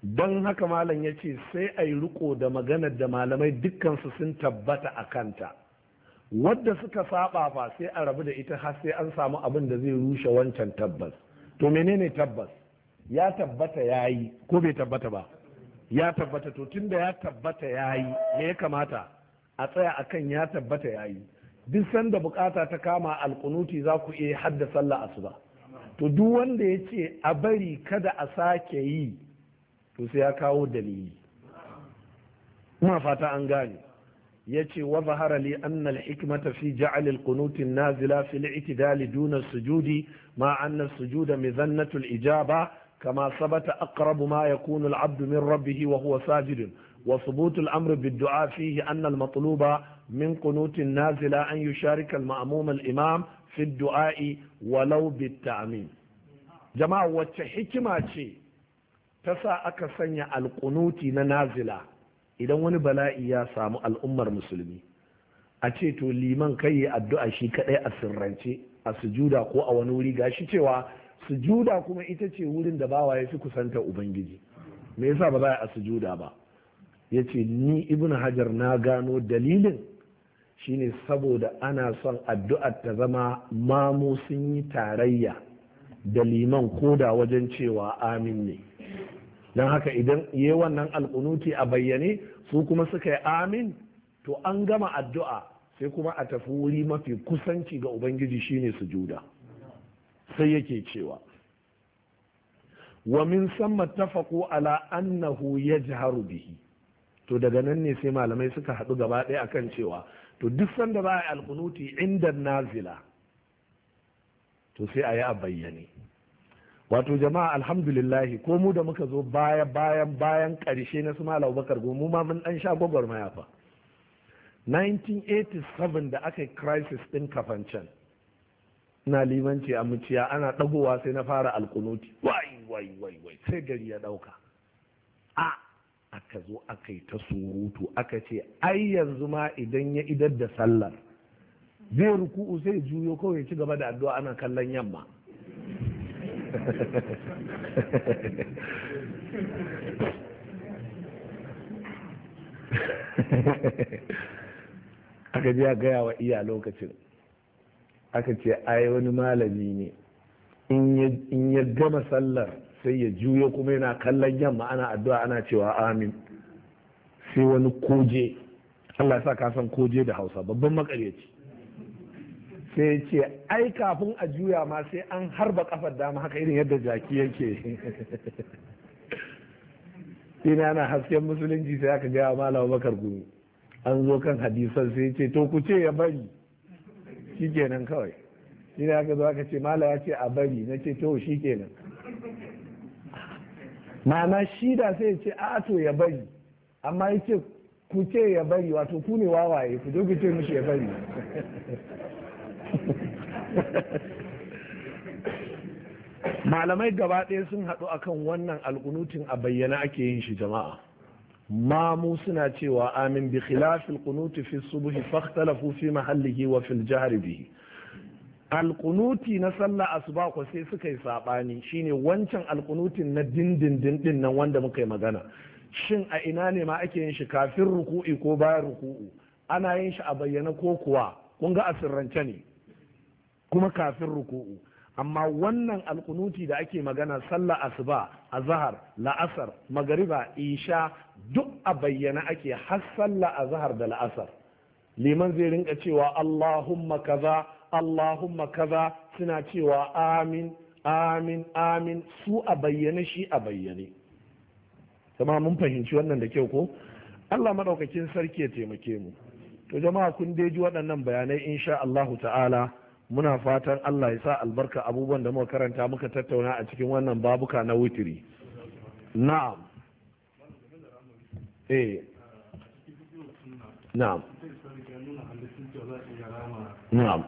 don haka malam ya ce sai a yi riko da maganar da malamai dukkansu sun tabbata a kanta wadda suka saba fa sai a rabu da ita har sai an samu abin da zai rushe wancan tabbas to menene tabbas ya tabbata ya yi ko bai tabbata ba ya tabbata to tun da ya tabbata ya yi me ya kamata a tsaya a kan ya tabbata ya yi duk sanda bukata ta kama alkunuti za ku iya hadda sallah asuba to duk wanda ya ce a bari kada a sake yi to sai ya kawo dalili Kuma fata an gane ya ce wa zahara li anna al-hikmata fi ja'al al-qunut an-nazila fi al-i'tidal duna sujudi ma anna as-sujuda mizannatu al-ijaba kama sabata aqrabu ma yakunu al-'abdu min rabbihi wa huwa sajid wa thubut al-amr bid-du'a fihi anna al-matluba min qunut an-nazila an yusharika al-ma'mum al-imam fi ad-du'a walau bit-ta'mim jama'a wacce hikima ce ta sa aka sanya alƙunuti na nazila idan wani bala'i ya samu al'ummar musulmi a ce to liman kai addu'a shi kaɗai a sirrance a sujuda ko a wani wuri gashi cewa sujuda kuma ita ce wurin da bawa ya fi kusanta ubangiji me yasa ba za a sujuda ba ya ce ni ibn hajar na gano dalilin shine saboda ana son addu'ar ta zama mamu sun yi tarayya da liman koda wajen cewa amin ne don haka idan yi wannan alkunuti a bayyane su kuma suka yi amin to an gama addu'a sai kuma a tafi wuri mafi kusanci ga ubangiji shine juda sai yake cewa wa min samma tafaqu ala annahu ya jiharu bihi to daga nan ne sai malamai suka haɗu gaba ɗaya akan cewa to duk sanda za a yi alkunuti inda nazila to sai a yi a bayyane wato jama'a alhamdulillahi ko mu da muka zo baya bayan bayan karshe na su malam bakar mu ma mun dan sha gwagwarmaya fa 1987 da aka yi crisis din can, na limanci a muciya ana ɗagowa sai na fara alkunoti, wai wai wai wai sai gari ya ɗauka a aka zo aka yi ta surutu aka ce ai yanzu ma idan ya idar da sallar zai ruku'u sai juyo kawai ci gaba da addu'a ana kallon yamma aka je gaya wa iya lokacin aka ce ai wani malami ne in ya gama sallar sai ya juya kuma yana kallon yamma ana addu'a ana cewa amin sai wani koje Allah ya sa ka san koje da hausa babban makaryaci sai ce ai kafin a juya ma sai an harba kafar dama haka irin yadda jaki yake ina na hasken musulunci sai aka gaya malam bakar gumi an zo kan hadisan sai ce to ku ce ya bari shikenan kawai ina aka zo aka ce mala ya ce a bari na ce to shikenan mana shi da sai ce a to ya bari amma ya ce ku ce ya bari wato ku ne wawaye ku je ku ce mishi ya bari malamai gaba ɗaya sun haɗu akan wannan alƙunutin a bayyana ake yin shi jama'a mamu suna cewa amin bi khilafil qunuti fi subhi fakhtalafu fi mahallihi wa fil jahri bihi alkunuti na sallah asuba ko sai suka yi sabani shine wancan alkunutin na dindindin din nan wanda muka yi magana shin a ina ne ma ake yin shi kafin ruku'i ko bayan ruku'u ana yin shi a bayyana ko kuwa kun ga asirrance ne kuma kafin ruku'u amma wannan alkunuti da ake magana sallah asuba azhar la'asar magariba isha duk a bayyana ake har sallah azhar da la'asar liman zai rinka cewa allahumma kaza allahumma kaza suna cewa amin amin amin su a bayyane shi a bayyane kuma mun fahimci wannan da kyau ko Allah madaukakin sarki ya taimake mu to jama'a kun dai ji waɗannan bayanai insha Allahu ta'ala muna fatan Allah ya sa albarka abubuwan da muka karanta muka tattauna a cikin wannan babuka na witiri na'am eh na'am na'am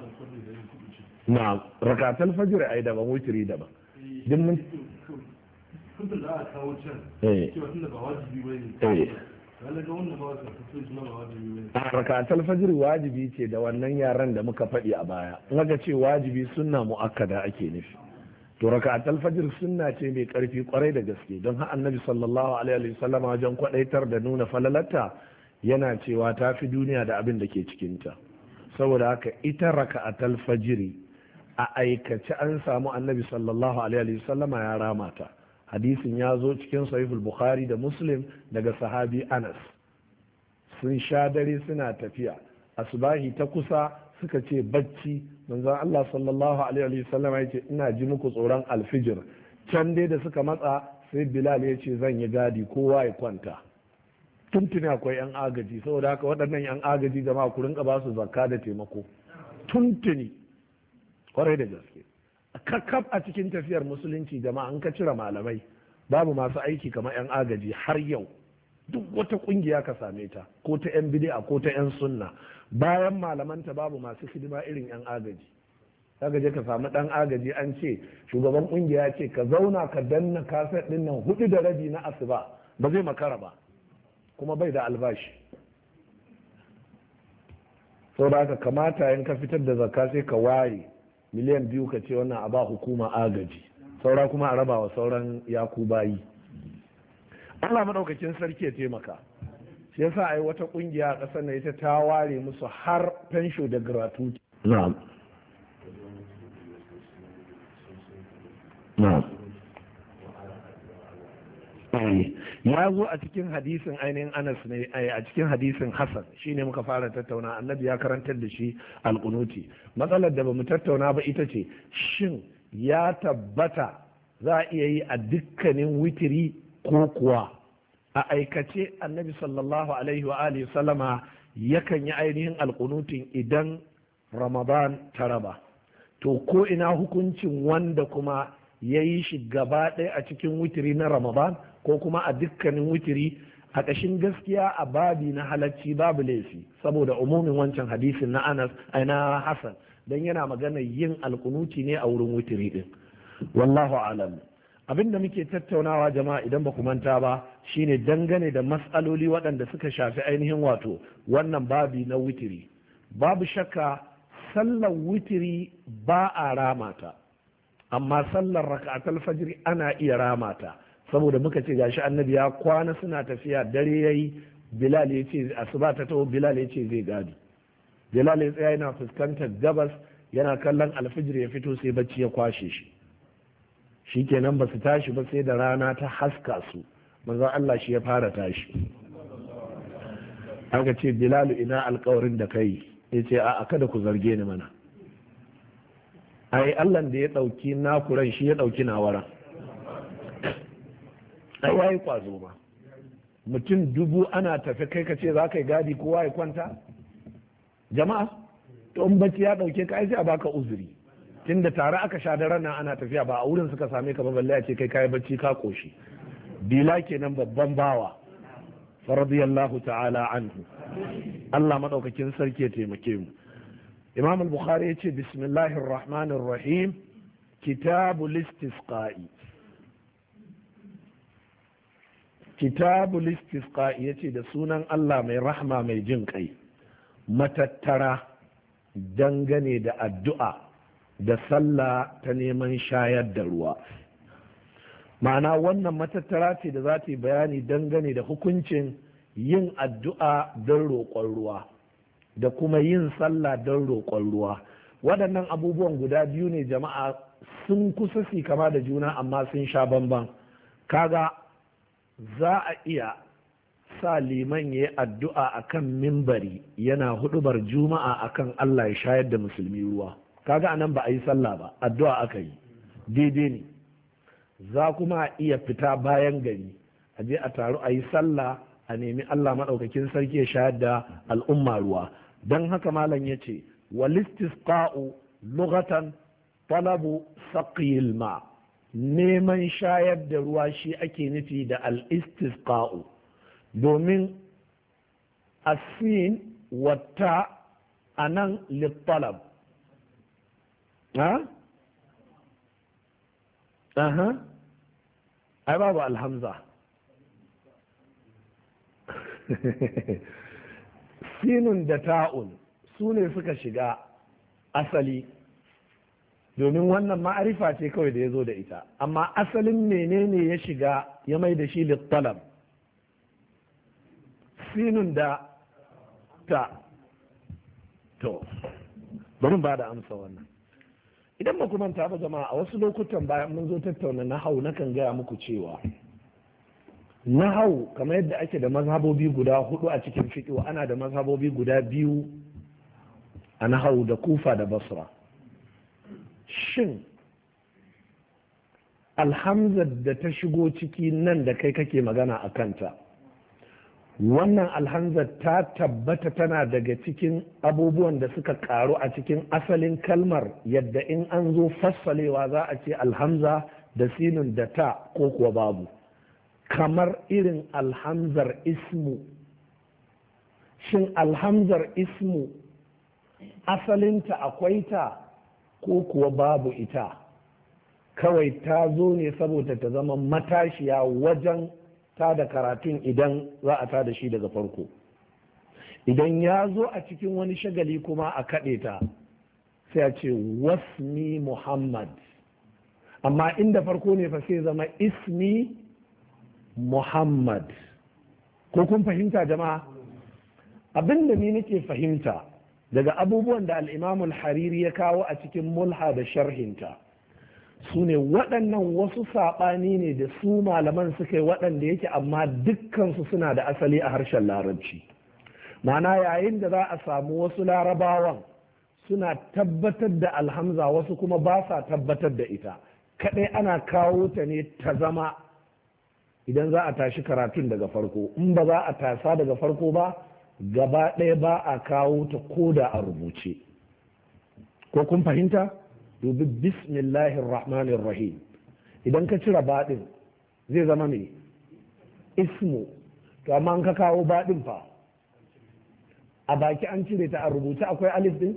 na'am rakatul fajr ai daban witiri daban din mun da cewa tunda ba wajibi bane rakatar fajir wajibi ce da wannan yaran da muka faɗi a baya in aka ce wajibi sunna mu'akkada ake nufi to rakatar fajir sunna ce mai ƙarfi kwarai da gaske don har annabi sallallahu alaihi wasallam wajen kwadaitar da nuna falalata yana cewa ta fi duniya da abin da ke cikinta saboda haka ita rakatar fajiri a aikace an samu annabi sallallahu alaihi wasallama ya rama hadisin ya zo cikin sahihul bukhari da muslim daga sahabi anas sun sha dare suna tafiya asbahi ta kusa suka ce bacci manzon Allah sallallahu alaihi sallam ya ce ina ji muku tsoron alfijir can dai da suka matsa sai bilal ya ce zan yi gadi kowa ya kwanta tuntuni akwai yan agaji saboda haka waɗannan yan agaji jama'a ku rinka ba su zakka da taimako tuntuni kwarai da gaske kakkab a cikin tafiyar musulunci jama'a an ka cire malamai babu masu aiki kamar 'yan agaji har yau duk wata kungiya ka same ta ko ta 'yan a ko ta 'yan sunna bayan malamanta babu masu hidima irin 'yan agaji Agaji ka samu dan agaji an ce shugaban kungiya ce ka zauna ka danna kaset din nan hudu da rabi na asuba ba zai makara ba kuma bai da albashi da ka kamata in ka fitar da zakka sai ka waye miliyan biyu ka ce wannan a ba hukuma agaji saura kuma a raba wa sauran yaku bayi Allah maɗaukakin sarki ya taimaka shi yasa a yi wata ƙungiya a ƙasar na ita ta ware musu har fensho da gratuity na'am na'am Eh, ya zo a cikin hadisin ainihin anas ne eh, a cikin hadisin hassan shine muka fara tattauna annabi ya karantar da shi alkunuti matsalar da bamu tattauna ba ita ce shin ya tabbata za a iya yi a dukkanin witiri ko kuwa a aikace annabi sallallahu alaihi wa alihi salama yakan yi ainihin alkunutin idan ramadan ta raba to ko ina hukuncin wanda kuma ya yi shi gaba ɗaya a cikin witiri na ramadan ko kuma a dukkanin witiri a ƙashin gaskiya a babi na halacci babu laifi saboda umumin wancan hadisin na anas na hasan don yana magana yin alkunuti ne a wurin witiri din wallahu alam abinda muke tattaunawa jama'a idan ba ku manta ba shine dangane da matsaloli waɗanda suka shafi ainihin wato wannan babi na witiri babu shakka sallar witiri ba a ramata amma sallar raka'atul fajr ana iya ramata saboda muka ce gashi annabi ya kwana suna tafiya dare yayi bilal ya ce asuba ta taho bilal ya ce zai gadi bilal ya tsaya yana fuskantar gabas yana kallon alfijir ya fito sai bacci ya kwashe shi shikenan ba su tashi ba sai da rana ta haska su manzo Allah shi ya fara tashi aka ce bilal ina alkawarin da kai ya ce a kada ku zarge ni mana ai Allah da ya ɗauki nakuran shi ya ɗauki nawaran ai waye kwazo ba mutum dubu ana tafi kai ka ce za ka yi gadi ko waye kwanta jama'a to in bacci ya dauke ka aiki a baka uzuri tunda tare aka sha daren nan ana tafiya ba a wurin suka same ka ba balle a ce kai kai bacci ka koshi bila kenan babban bawa radiyallahu ta'ala anhu Allah madaukakin sarki ya taimake mu Imam al-Bukhari ya ce bismillahir rahmanir rahim kitabul istisqa'i kitabul istisqa yace da sunan Allah mai rahma mai jin kai matattara dangane da addu'a da sallah ta neman shayar da ruwa ma'ana wannan matattara ce da za ta yi bayani dangane da hukuncin yin addu'a don roƙon ruwa da kuma yin sallah don roƙon ruwa waɗannan abubuwan guda biyu ne jama'a sun kusa kama da juna amma sun sha bamban kaga za a iya sa liman ya yi addu'a a kan mimbari yana hudubar juma'a a kan Allah ya shayar da musulmi ruwa kaga anan ba a yi sallah ba addu'a aka yi daidai ne za kuma a iya fita bayan gari a je a taru a yi sallah a nemi Allah maɗaukakin sarki ya shayar da al'umma ruwa don haka malam ya ce walistisqa'u lughatan talabu ma' neman shayar da ruwa shi ake nufi da al’istisqa’u istisqau domin asin wata a nan littalab ha? aha ai babu alhamza sinun da ta'un su ne suka shiga asali domin wannan ma'arifa ce kawai da ya zo da ita amma asalin menene ya shiga ya mai da shi littalab sinun da ta to bari ba da amsa wannan idan ba kuma ta jama'a a wasu lokutan bayan mun zo tattauna nahau na kan gaya muku cewa nahau kamar yadda ake da mazhabobi guda hudu a cikin fito, ana da mazhabobi guda biyu a hau da kufa da basra shin alhamzar da ta shigo ciki nan da kai kake magana a kanta wannan alhamzar ta tabbata tana daga cikin abubuwan da suka karu a cikin asalin kalmar yadda in an zo fassalewa za a ce alhamza da sinin da ta ko kuwa babu kamar irin alhamzar ismu shin alhamzar ismu asalinta akwai ta ko kuwa babu ita kawai ta zo ne saboda ta zama matashiya wajen ta da karatun idan za a ta da shi daga farko idan ya zo a cikin wani shagali kuma a kaɗe ta sai a ce wasmi muhammad amma inda farko ne fa sai zama ismi muhammad ko kun fahimta jama'a abinda ni nake fahimta daga abubuwan da al'imamul hariri ya kawo a cikin mulha da sharhinta su ne waɗannan wasu saɓani ne da su malaman suka yi waɗanda yake amma dukkansu suna da asali a harshen larabci mana yayin da za a samu wasu larabawan suna tabbatar da alhamza wasu kuma ba sa tabbatar da ita kaɗai ana kawo ta ne ta zama idan za a tashi karatun daga farko in ba za a tasa daga farko ba gaba ɗaya ba a kawo ta ko da a rubuce ko kun fahimta dubi bismillahir rahmanir rahim idan ka cire baɗin zai zama mai ismu to amma an ka kawo baɗin fa a baki an cire ta a rubuce akwai alif ɗin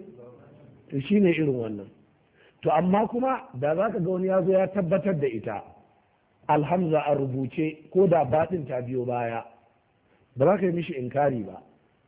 to shine irin wannan to amma kuma da za ka ga wani ya zo ya tabbatar da ita alhamza a rubuce ko da baɗin ta biyo baya ba za ka yi mishi inkari ba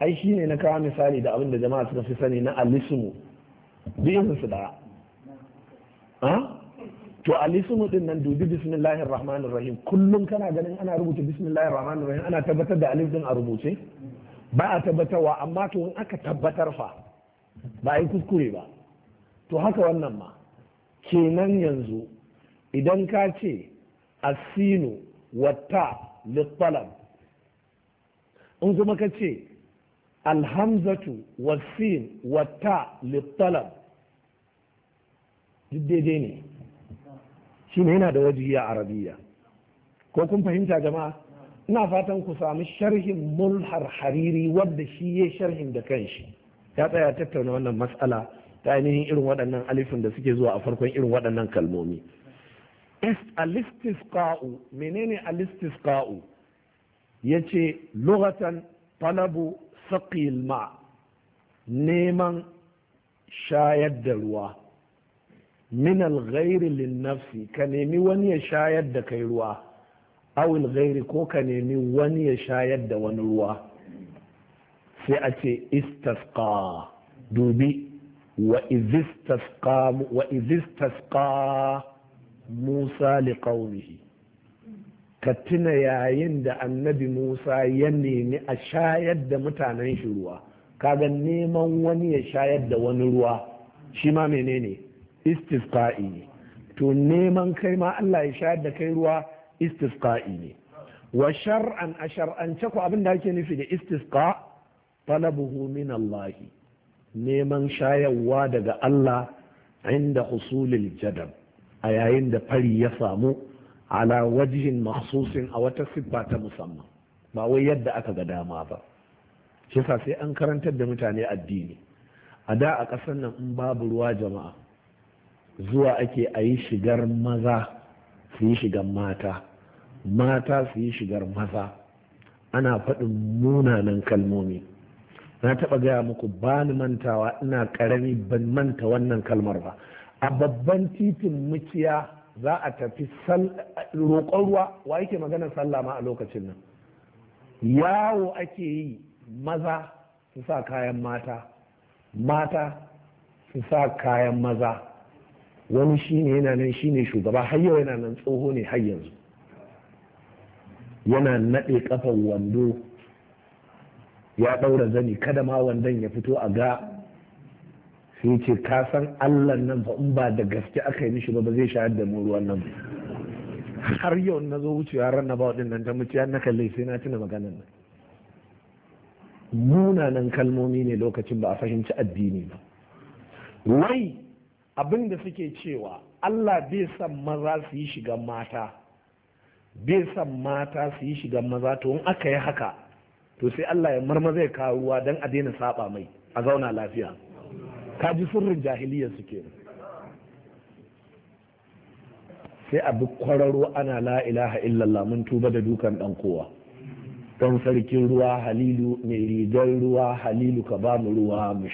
ai shi ne na kawo misali da abin da jama'a suka fi sani na alisumu biyan su da ha to alismu din nan dubi bismillahir rahmanir rahim kullum kana ganin ana rubuta bismillahir rahmanir rahim ana tabbatar da alif din a rubuce ba a tabbatarwa amma to in aka tabbatar fa ba yi kuskure ba to haka wannan ma kenan yanzu idan ka ce asinu wata littalab in kuma ka ce alhamzatu wasin wata littalab duk daidai ne shi ne yana da wajihi a arabiya ko kun fahimta jama'a ina fatan ku samu sharhin mulhar hariri wadda shi ya sharhin da kanshi ya tsaya tattauna wannan matsala ta ainihin irin waɗannan alifin da suke zuwa a farkon irin waɗannan kalmomi alistisqa'u menene alistisqa'u yace lughatan talabu saqil neman shayar da ruwa min alghairi lin ka nemi wani ya shayar da kai ruwa aw alghairi ko ka nemi wani ya shayar da wani ruwa sai a ce istasqa dubi wa idhistasqa musa liqaumihi ka tuna yayin da annabi musa ya nemi a shayar da mutanen shi ruwa kaga neman wani ya shayar da wani ruwa shi ma menene istisqa'i ne to neman kai ma allah ya shayar da kai ruwa istisqa'i ne wa shar'an a shar'ance ko abin da ake nufi da istisqa talabuhu min allah neman shayarwa daga allah inda husulil jadab a yayin da fari ya samu ala wajihin mahsusin a wata siffa ta musamman ba wai yadda aka ga dama ba shi sa sai an karantar da mutane addini a da a ƙasar nan in babu ruwa jama'a zuwa ake a yi shigar maza su yi shigar mata mata su yi shigar maza ana faɗin munanan kalmomi na taɓa gaya muku ba ni mantawa ina ƙarami ban manta wannan kalmar ba a babban titin muciya. za a tafi roƙon ruwa wa yake magana sallah ma a lokacin nan yawo ake yi maza su sa kayan mata mata su sa kayan maza wani shine yana nan shine shugaba har yana nan tsoho ne har yanzu yana naɗe ƙafar wando ya ɗaura zani kada ma wandon ya fito a ga sai ce ka san allah nan ba in ba da gaske aka yi mishi ba ba zai shayar da mu ruwan nan har yau na zo wucewa ran na ba dinnan ta muciya na kalle sai na tuna maganar nan munanan kalmomi ne lokacin ba a fahimci addini ba wai abin da suke cewa allah bai san maza su yi shiga mata bai san mata su yi shiga maza to in aka yi haka to sai allah ya marmaza ya kawo ruwa dan a daina saba mai a zauna lafiya ka ji sirrin jahiliya suke sai a kwararru kwararo ana la ilaha illallah mun tuba da dukan dan kowa don sarkin ruwa halilu mai rigar ruwa halilu ka ba mu ruwa mu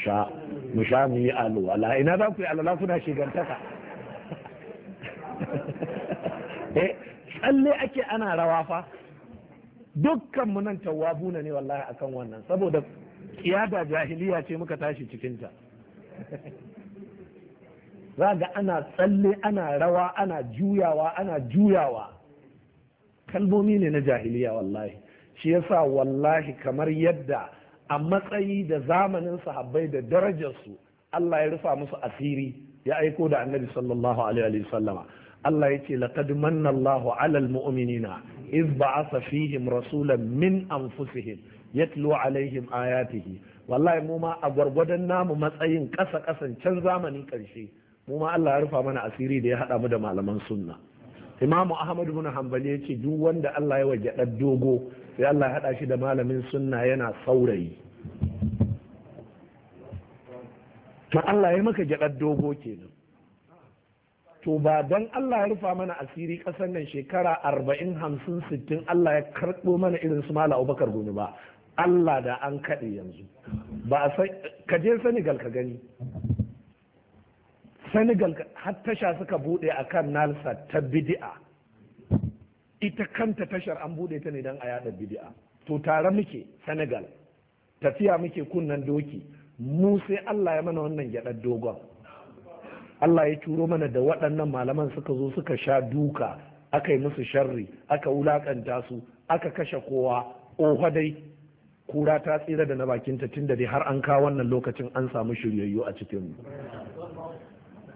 sha mu yi alwala ina za ku yi alwala kuna shigantaka eh, tsalle ake ana rawa fa dukkan mu nan tawabuna ne wallahi akan wannan saboda kiyada jahiliya ce muka tashi cikinta za ga ana tsalle ana rawa ana juyawa ana juyawa kalmomi ne na jahiliya wallahi shi yasa wallahi kamar yadda a matsayi da zamanin sahabbai da darajarsu Allah ya rufa musu asiri ya aiko da annabi sallallahu alaihi sallama Allah ya ce laqad manna Allahu alal mu'minina iz ba'atha fihim rasulan min anfusihim yatlu alaihim ayatihi wallahi mu ma a gwargwadon namu matsayin ƙasa ƙasan can zamani ƙarshe mu ma Allah ya rufa mana asiri da ya haɗa mu da malaman sunna Imam Ahmad bin Hanbali ya ce duk wanda Allah ya waje ɗan dogo sai Allah ya haɗa shi da malamin sunna yana saurayi to Allah ya maka gyaɗar dogo kenan to ba don Allah ya rufa mana asiri ƙasar nan shekara arba'in hamsin sittin Allah ya karɓo mana irin su mala abubakar gumi ba Allah da an kaɗe yanzu ba a san ka Senegal ka gani Senegal har tasha suka buɗe a kan Nalsa ta bidi'a ita kanta tashar an buɗe ta ne don a yada bidi'a to tare muke Senegal tafiya muke kunnan doki mu sai Allah ya mana wannan gyaɗar dogon Allah ya turo mana da waɗannan malaman suka zo suka sha duka aka yi musu sharri aka wulakanta su aka kashe kowa oho dai kura ta tsira da na bakinta tun da dai har an kawo wannan lokacin an samu shiryayyu a cikin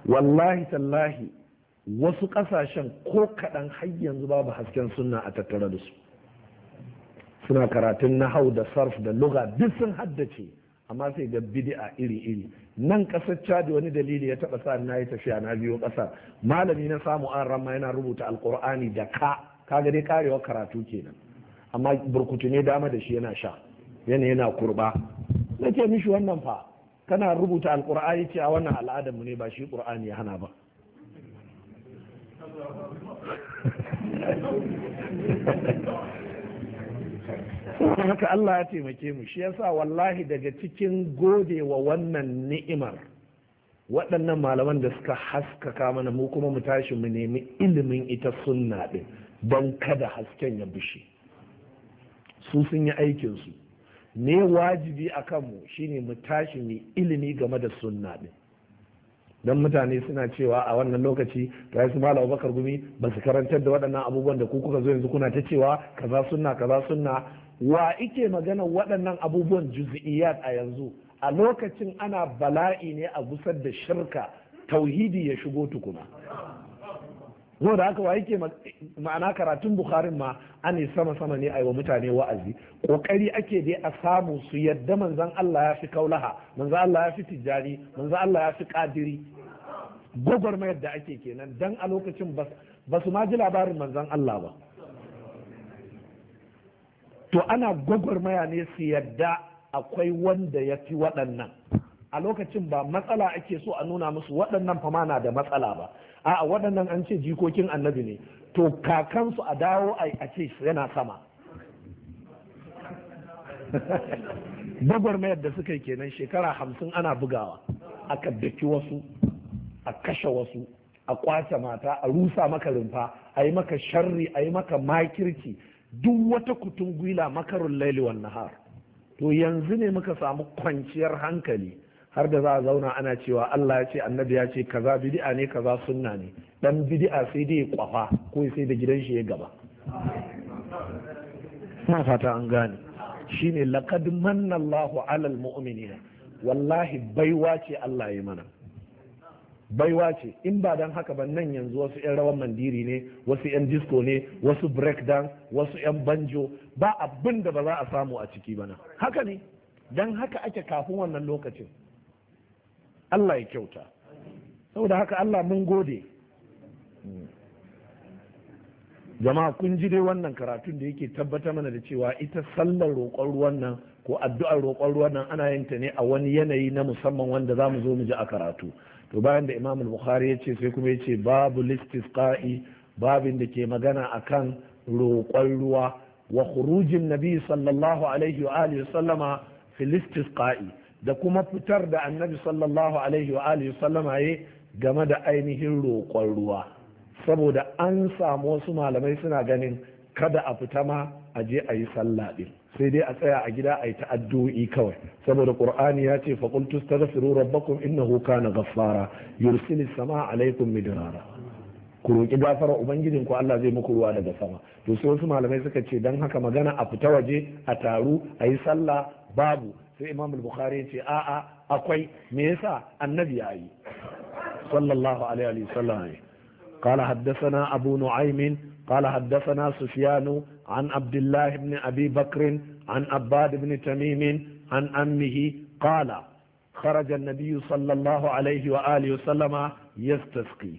wallahi tallahi wasu ƙasashen ko kaɗan har yanzu babu hasken sunna a tattare da su suna karatun nahau da sarf da luga duk sun haddace amma sai ga bid'a iri-iri nan kasar cadi wani dalili ya taɓa sa na yi tafiya na biyo ƙasa malami na samu an ramma yana rubuta alƙur'ani da ka kaga dai karewar karatu kenan amma burkutu ne dama da shi yana sha yana yana kurba na ce mishi wannan fa kana rubuta alkur'ani ce a wannan al'adar mu ne ba shi ƙur'ani ya hana ba haka Allah ya taimake mu shi yasa wallahi daga cikin gode wa wannan ni'imar waɗannan malaman da suka haskaka mana mu kuma mu tashi mu nemi ilimin ita sunna ɗin don kada hasken ya bushe su sun yi aikinsu ne wajibi a kanmu shine mu tashi mu ilimi game da sunna din don mutane suna cewa a wannan lokaci yi su mala abubakar gumi ba su karantar da waɗannan abubuwan da ku kuka zo yanzu kuna ta cewa kaza sunna kaza sunna wa ike magana waɗannan abubuwan juzi'iyat a yanzu a lokacin ana bala'i ne a gusar da shirka tauhidi ya shigo tukuna zo da haka wa yake ma'ana karatun bukharin ma an sama sama ne a yi wa mutane wa'azi kokari ake dai a samu su yadda manzan Allah ya fi kaulaha manzan Allah ya fi tijjani manzan Allah ya fi kadiri gwagwarmayar da ake kenan dan a lokacin ba su ma ji labarin manzan Allah ba to ana gwagwarmaya ne su yadda akwai wanda ya fi waɗannan a lokacin ba matsala ake so a nuna musu waɗannan fama na da matsala ba a waɗannan an ce jikokin annabi ne to kakansu a dawo a ce yana sama gwagwarmayar da suka yi kenan shekara hamsin ana bugawa a kaddaki wasu a kashe wasu a kwace mata a rusa maka rumfa a yi maka sharri a yi maka makirci duk wata kutun gwila makarun laili nahar to yanzu ne muka samu kwanciyar hankali har da za a zauna ana cewa Allah ya ce annabi ya ce kaza bid'a ne kaza sunna ne dan bid'a sai dai kwafa ko sai da gidan shi ya gaba na fata an gane shine laqad manna Allahu alal mu'minina wallahi baiwa ce Allah ya mana baiwa ce in ba dan haka ba nan yanzu wasu 'yan rawan mandiri ne wasu 'yan disco ne wasu break dance wasu 'yan banjo ba abin da ba za a samu a ciki bana haka ne dan haka ake kafin wannan lokacin Allah ya kyauta saboda haka Allah mun gode jama'a kun ji dai wannan karatun da yake tabbata mana da cewa ita sallar roƙon ruwan nan ko addu'ar roƙon ruwan nan ana yin ta ne a wani yanayi na musamman wanda za mu zo mu ji a karatu to bayan da imam bukhari ya ce sai kuma ya ce babu listisqa'i babin da ke magana akan roƙon ruwa wa khurujin nabi sallallahu alaihi wa alihi sallama fil istisqa'i da kuma fitar da annabi sallallahu alaihi wa alihi sallama ya game da ainihin roƙon ruwa saboda an samu wasu malamai suna ganin kada a fita ma a je a yi sallah din sai dai a tsaya a gida a yi ta'addu'i kawai saboda qur'ani ya ce faqultu astaghfiru rabbakum innahu kana ghaffara yursilis samaa alaikum midrara ku roƙi gafara ubangijin ku Allah zai muku ruwa daga sama to sai wasu malamai suka ce dan haka magana a fita waje a taru a yi sallah babu sai imam bukhari ce a'a akwai me yasa annabi ya yi sallallahu alaihi wa sallam قال حدثنا أبو نعيم قال حدثنا سفيان عن عبد الله بن أبي بكر عن عباد بن تميم عن أمه قال خرج النبي صلى الله عليه وآله وسلم يستسقي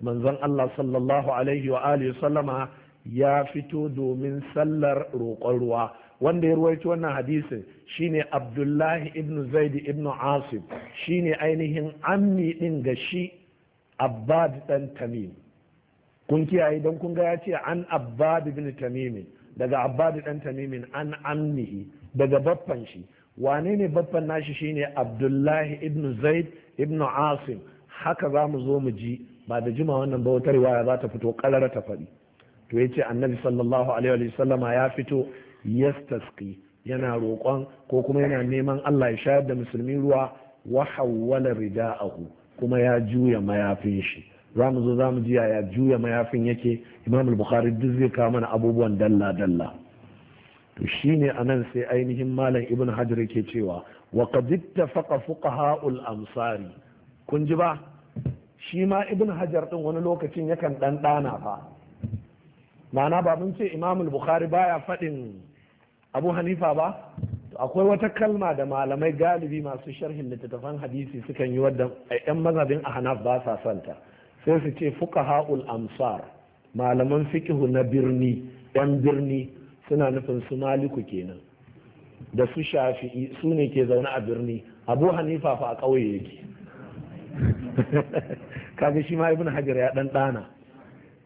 من ظن الله صلى الله عليه وآله وسلم يا فتو من سلر روق الروا وان دير وانا حديث ne abdullahi ibn zaid ibn Shi shine ainihin ammi din ga shi abbad dan tamim kun kiyaye don kun ga ya ce an abbad ibn tamim daga abbad dan tamim an ammihi daga baffan shi wane ne baffan nashi shine abdullahi ibn zaid ibn asim haka za mu zo mu ji ba da jima wannan ba riwaya za ta fito kalara ta faɗi to yace annabi sallallahu alaihi wa sallama ya fito yastasqi yana roƙon ko kuma yana neman Allah ya shayar da musulmi ruwa wa hawwala rida'ahu kuma ya juya mayafin shi za mu zo za mu ji ya juya mayafin yake Imam al-Bukhari duk zai kawo mana abubuwan dalla dalla to shine anan sai ainihin malam Ibn Hajar yake cewa wa qad ittafaqa fuqaha'ul amsari kun ji ba shi ma Ibn Hajar din wani lokacin yakan dan dana fa ma'ana ba mun ce Imam al-Bukhari baya faɗin abu hanifa ba akwai wata kalma da malamai galibi masu sharhin littattafan hadisi sukan yi wadda yan mazhabin ahnaf ba sa santa sai su ce fuqaha'ul amsar malaman fikihu na birni yan birni suna nufin su maliku kenan da su shafi'i su ne ke zaune a birni abu hanifa fa a ƙauye yake kaga shi ma ibn hajar ya dan dana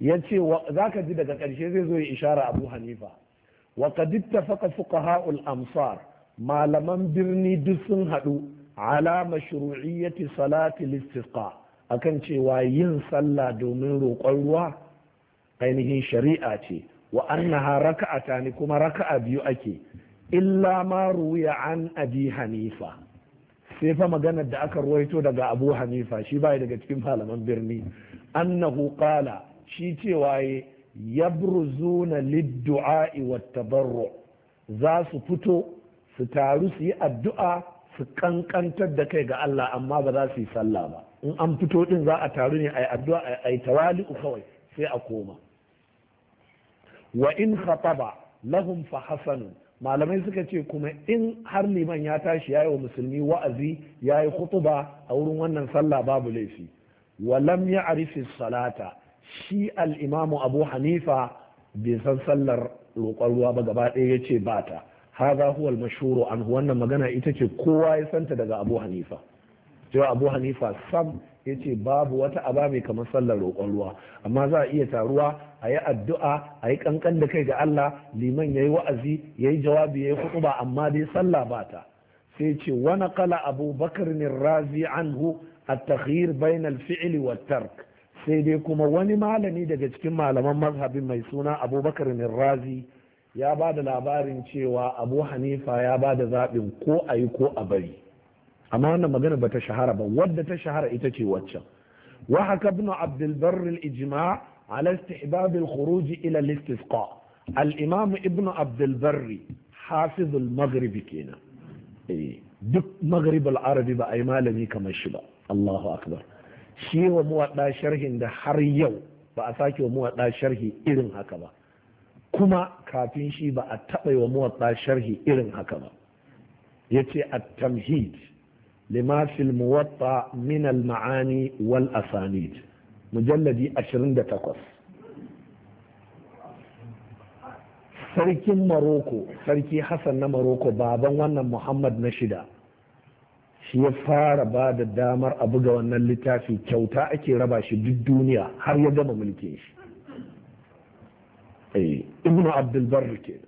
ya ce za ka ji daga ƙarshe zai zo ya ishara abu hanifa wa faka ittafaqa ha'ul amsar malaman birni duk sun haɗu ala mashru'iyyati salati listisqa akan cewa yin sallah domin roƙon ruwa ainihin shari'a ce wa annaha raka'ata ne kuma raka'a biyu ake illa ma ruya an abi hanifa sai fa maganar da aka ruwaito daga abu hanifa shi bai daga cikin malaman birni annahu qala shi cewa yabruzuna lid-du'a'i za su fito su taru su yi addu'a su kankantar da kai ga Allah amma ba za su yi sallah ba in an fito din za a taru ne yi addu'a ai tawali'u kawai sai a koma wa in khataba lahum fa hasanun malamai suka ce kuma in har liman ya tashi yayi wa musulmi wa'azi yayi khutba a wurin wannan sallah babu laifi wa lam ya'rifi salata shi al'imamu abu hanifa bai san sallar roƙon ruwa ba gaba ɗaya ya ce ba ta haza huwa mashuru an wannan magana ita ce kowa ya santa daga abu hanifa cewa abu hanifa sam ya ce babu wata aba mai kamar sallar roƙon ruwa amma za a iya taruwa a yi addu'a a yi kankan da kai ga Allah liman ya yi wa'azi ya yi jawabi ya yi ba amma dai sallah ba ta sai ce wani kala abu bakar razi anhu a takhir bainal fi'ili wa tark sai dai kuma wani malami daga cikin malaman mazhabin mai suna abubakar razi ya ba da labarin cewa abu hanifa ya ba da zaɓin ko a yi ko a bari amma wannan magana ba ta shahara ba wadda ta shahara ita ce waccan wa haka ibn abdulbar al-ijma ala istihbab al-khuruj ila al-istisqa al-imam ibn abdulbar hafiz al-maghrib kenan eh, duk maghrib al-arabi ba ai malami kamar shi ba Allahu akbar shi wa muwaɗa sharhin da har yau ba a sake wa muwaɗa sharhi irin haka ba kuma kafin shi ba a taɓa wa muwaɗa sharhi irin haka ba ya ce a tamhid lima fil min al ma'ani wal asanid mujalladi 28 sarkin maroko sarki hassan na maroko baban wannan muhammad na shida shi ya fara ba da damar a buga wannan littafi kyauta ake raba shi duk duniya har ya gama mulkin shi eh, ibnu abdulbar ke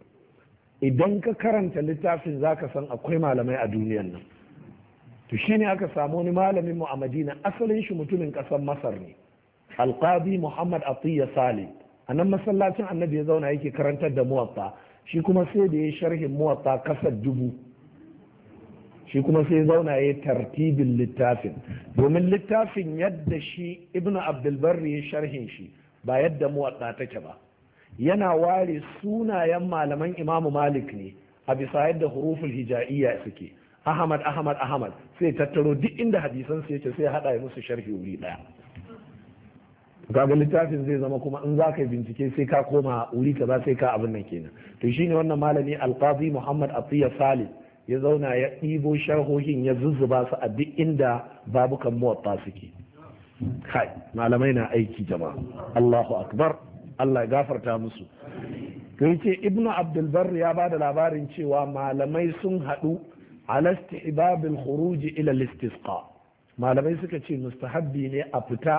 idan ka karanta littafin zaka san akwai malamai a duniyan nan to ne aka samu wani malamin mu a madina asalin shi mutumin kasar masar ne alqadi muhammad atiya salim a nan masallacin annabi ya zauna yake karantar da muwatta shi kuma sai da ya sharhin muwatta kasar dubu shi kuma sai zauna ya yi tartibin littafin domin littafin yadda shi ibn abdulbarri ya sharhin shi ba yadda muwaɗa take ba yana ware sunayen malaman imamu malik ne a bisa yadda huruful hija'iyya suke ahmad ahmad ahmad sai tattaro duk inda hadisan su yake sai haɗa ya musu sharhi wuri ɗaya kaga littafin zai zama kuma in za ka bincike sai ka koma wuri kaza sai ka abin nan kenan to shine wannan malami alqazi muhammad atiya salih ya zauna ya ɗibo sharhohin ya zuzzuba su a duk inda babukan muwatta suke kai malamai na aiki jama'a Allahu akbar Allah ya gafarta musu kai ce ibnu abdulbar ya ba da labarin cewa malamai sun haɗu alasti ibabil khuruji ila listisqa malamai suka ce mustahabbi ne a fita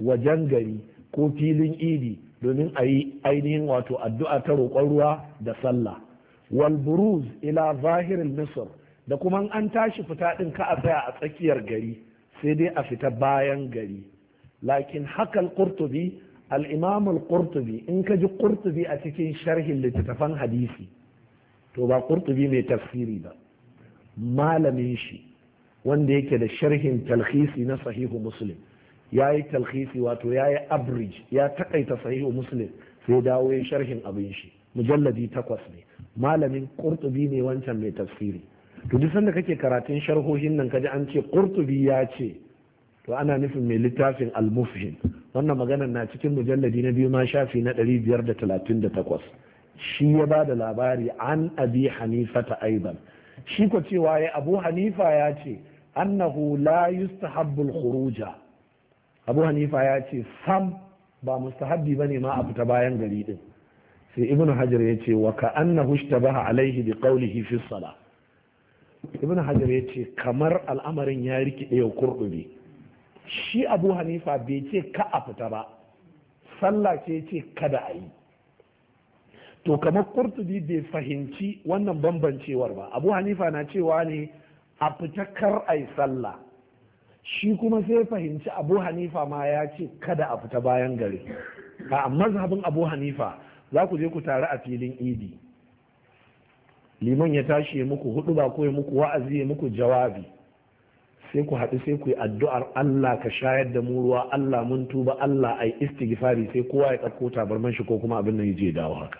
wajen gari ko filin idi domin a yi ainihin wato addu'a ta roƙon ruwa da sallah wal buruz ila zahirin misr da kuma an tashi fita din ka a tsaya a tsakiyar gari sai dai a fita bayan gari lakin hakan qurtubi al-imam al-qurtubi in ka ji qurtubi a cikin sharhin littattafan hadisi to ba qurtubi mai tafsiri ba malamin shi wanda yake da sharhin talhisi na sahihu muslim ya yi talhisi wato ya yi average ya taƙaita sahihu muslim sai dawo yin sharhin abin shi mujalladi takwas ne malamin qurtubi ne wancan mai tafsiri to duk sanda kake karatun sharhohin nan kaji an ce qurtubi ya ce to ana nufin mai littafin al-mufhim wannan maganar na cikin mujalladi na biyu ma shafi na 538 shi ya ba da labari an abi hanifa ta aiban shi ko cewa ya abu hanifa ya ce annahu la yustahabbul khuruja abu hanifa ya ce sam ba mustahabbi bane ma a fita bayan gari din sai ibn hajar ya ce wa ka annahu baha alaihi bi qawlihi fi sala ibn hajar ya ce kamar al'amarin ya rikide ya kurdubi shi abu hanifa bai ce ka a fita ba sallah ce ce kada a yi to kamar kurtubi bai fahimci wannan bambancewar ba abu hanifa na cewa ne a fita kar a yi sallah shi kuma sai fahimci abu hanifa ma ya ce kada a fita bayan gari a mazhabin abu hanifa za ku je ku taru a filin idi liman ya tashi ya muku hudu ba ko muku wa'azi ya muku jawabi sai ku haɗu sai ku yi addu'ar Allah ka shayar da mu ruwa Allah mun tuba Allah ai istighfari sai kowa ya ɗauko tabarman shi ko kuma abin da ya je dawo haka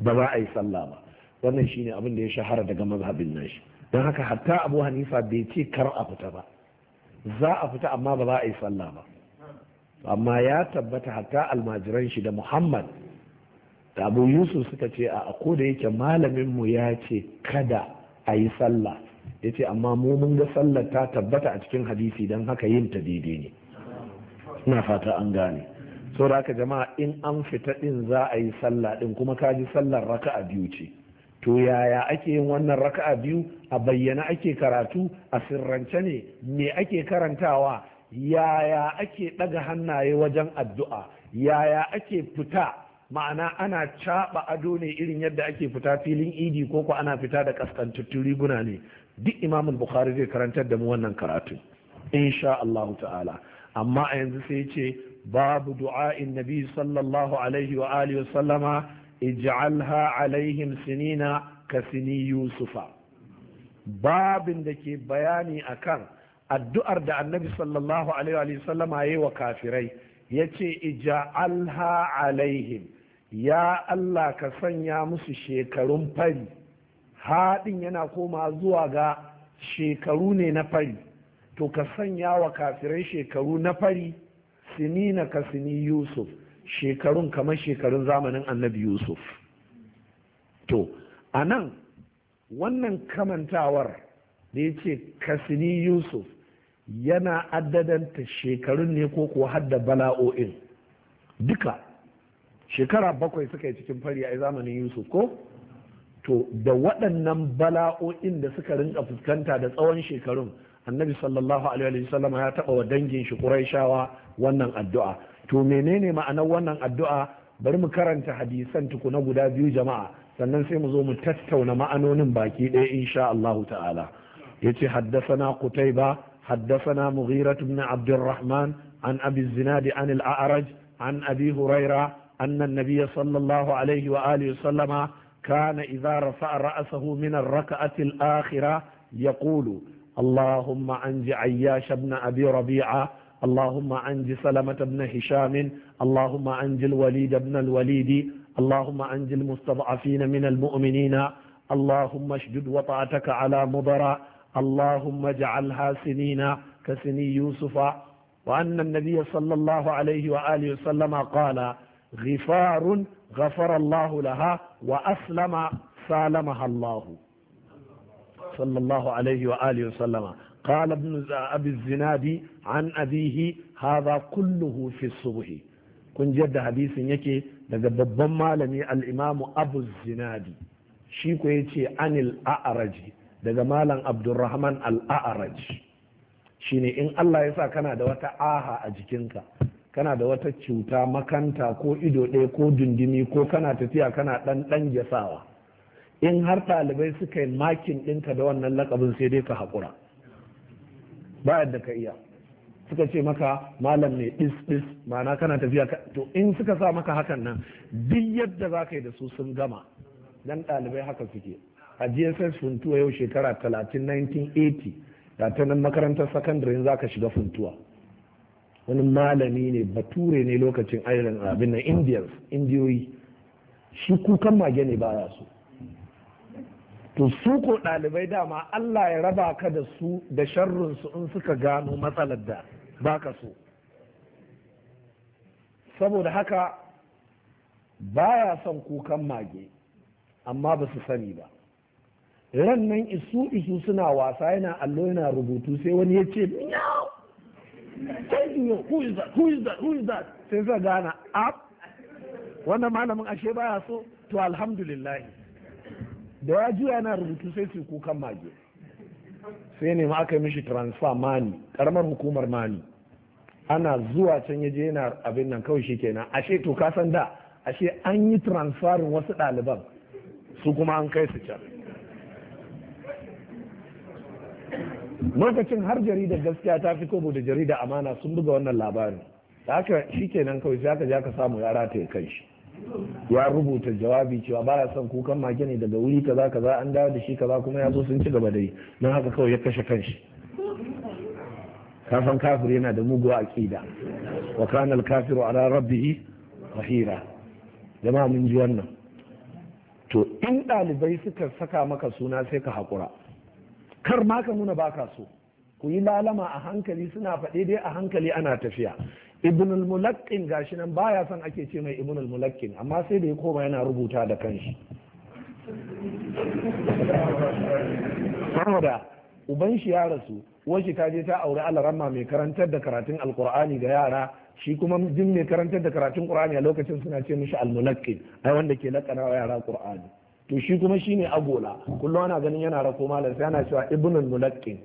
ba za a yi sallah ba wannan shine abin da ya shahara daga mazhabin shi. don haka hatta Abu Hanifa bai ce kar a fita ba za a fita amma ba za a yi sallah ba amma ya tabbata hatta almajiran shi da Muhammad da abu yusuf suka ce a ko da yake malaminmu ya ce kada a yi sallah ya ce amma mu mun ga sallar ta tabbata a cikin hadisi don haka yin ta daidai ne ina fata an gane so da haka jama'a in an fita din za a yi sallah din kuma ka ji sallar raka'a biyu ce to yaya ake yin wannan raka'a biyu a bayyana ake karatu a sirrance ne me ake karantawa yaya ake ɗaga hannaye wajen addu'a yaya ake fita ma'ana ana caɓa ado ne irin yadda ake fita filin idi ko ko ana fita da kaskantattun riguna ne duk imamul bukhari zai karantar da mu wannan karatu insha Allah ta'ala amma a yanzu sai ce babu du'a du'a'in nabi sallallahu alaihi wa alihi wa sallama ij'alha alaihim sinina ka sini yusufa babin da ke bayani akan addu'ar da annabi sallallahu alaihi wa sallama yayi wa kafirai yace ij'alha alaihim ya Allah ka sanya musu shekarun fari haɗin yana koma zuwa ga shekaru ne na fari to ka sanya wa kafirai shekaru na fari sinina ka sini yusuf shekarun kamar shekarun zamanin annabi yusuf to a nan wannan kamantawar da ya ce kasini yusuf yana addadanta shekarun ne ko kuwa hadda bala'o'in duka shekara bakwai suka yi cikin fari a zamanin yusuf ko to da waɗannan bala'o'in da suka rinka fuskanta da tsawon shekarun annabi sallallahu alaihi wasallam ya taɓa wa dangin shi shawa wannan addu'a to menene ma'anar wannan addu'a bari mu karanta hadisan tukuna guda biyu jama'a sannan sai mu zo mu tattauna ma'anonin baki ɗaya insha Allah ta'ala yace haddathana qutayba haddathana mughirah ibn abdurrahman an abi zinadi an al-a'raj an abi huraira أن النبي صلى الله عليه وآله وسلم كان إذا رفع رأسه من الركعة الآخرة يقول اللهم أنج عياش بن أبي ربيعة اللهم أنج سلمة بن هشام اللهم أنج الوليد بن الوليد اللهم أنج المستضعفين من المؤمنين اللهم اشدد وطأتك على مضر اللهم اجعلها سنين كسني يوسف وأن النبي صلى الله عليه وآله وسلم قال Rifarun ghafara laha wa aslama salamaha Allahu sallallahu alaihi wa alihi wa sallama قال ابن أبي الزنادي عن أبيه هذا كله في الصبح kun jadda hadisin yake daga babban malami al'imamu abu zinadi shi ya ce anil a'araji daga malam Abdulrahman al shi ne in allah yasa kana da wata aha a jikinka kana da wata cuta makanta ko ido ɗaya ko dundumi ko kana tafiya kana ɗan ɗan gyasawa in har ɗalibai suka yi makin ɗinka da wannan lakabin sai dai ka haƙura ba yadda ka iya suka ce maka malam ne ɗis ɗis ma'ana kana tafiya to in suka sa maka hakan nan duk yadda za ka yi da su sun gama dan ɗalibai haka suke a gss funtuwa yau shekara 1980 da ta makarantar sakandare za ka shiga funtuwa wani malami ne bature ne lokacin ayyukan abin na indians indiyoyi shi kukan mage ne baya so to su ko ɗalibai dama allah ya raba ka da su da sharrunsu in suka gano matsalar da ka so saboda haka baya son kukan mage amma ba su sani ba ran nan isu isu suna wasa yana allo yana rubutu sai wani ya ce tayo who is that who is that who is that sai zai gana ah, up wannan malamin ashe baya so to alhamdulillah da ya juya yana rubutu sai su kukan mage sai ne ma aka mishi transfer mani karamar hukumar mani ana zuwa can ya je yana abin nan kawai shi kenan ashe to ka san da ashe an yi transferin wasu ɗaliban su kuma an kai su can lokacin har jaridar gaskiya ta fi kobo da jarida amana sun buga wannan labarin da haka kenan kawai sai aka je ka samu yara ta kan shi ya rubuta jawabi cewa ba ya son kukan mage ne daga wuri kaza kaza an dawo da shi kaza kuma ya zo sun ci gaba da yi don haka kawai ya kashe kan shi. kafan kafir yana da muguwa aqida wa kana al-kafiru ala rabbih rahira jama'a mun ji wannan to in ɗalibai suka saka maka suna sai ka hakura kar ma ka nuna baka so ku yi lalama a hankali suna faɗe dai a hankali ana tafiya ibn al gashi nan baya son ake ce mai ibn al amma sai da ya koma yana rubuta da kanshi saboda uban shi ya rasu wace ta je ta auri alarama mai karantar da karatun alkur'ani ga yara shi kuma jin mai karantar da karatun qur'ani a lokacin suna ce mishi al a ai wanda ke lakana yara qur'ani to shi kuma shine agola kullum ana ganin yana rako malam sai ana cewa ibnul mulakkin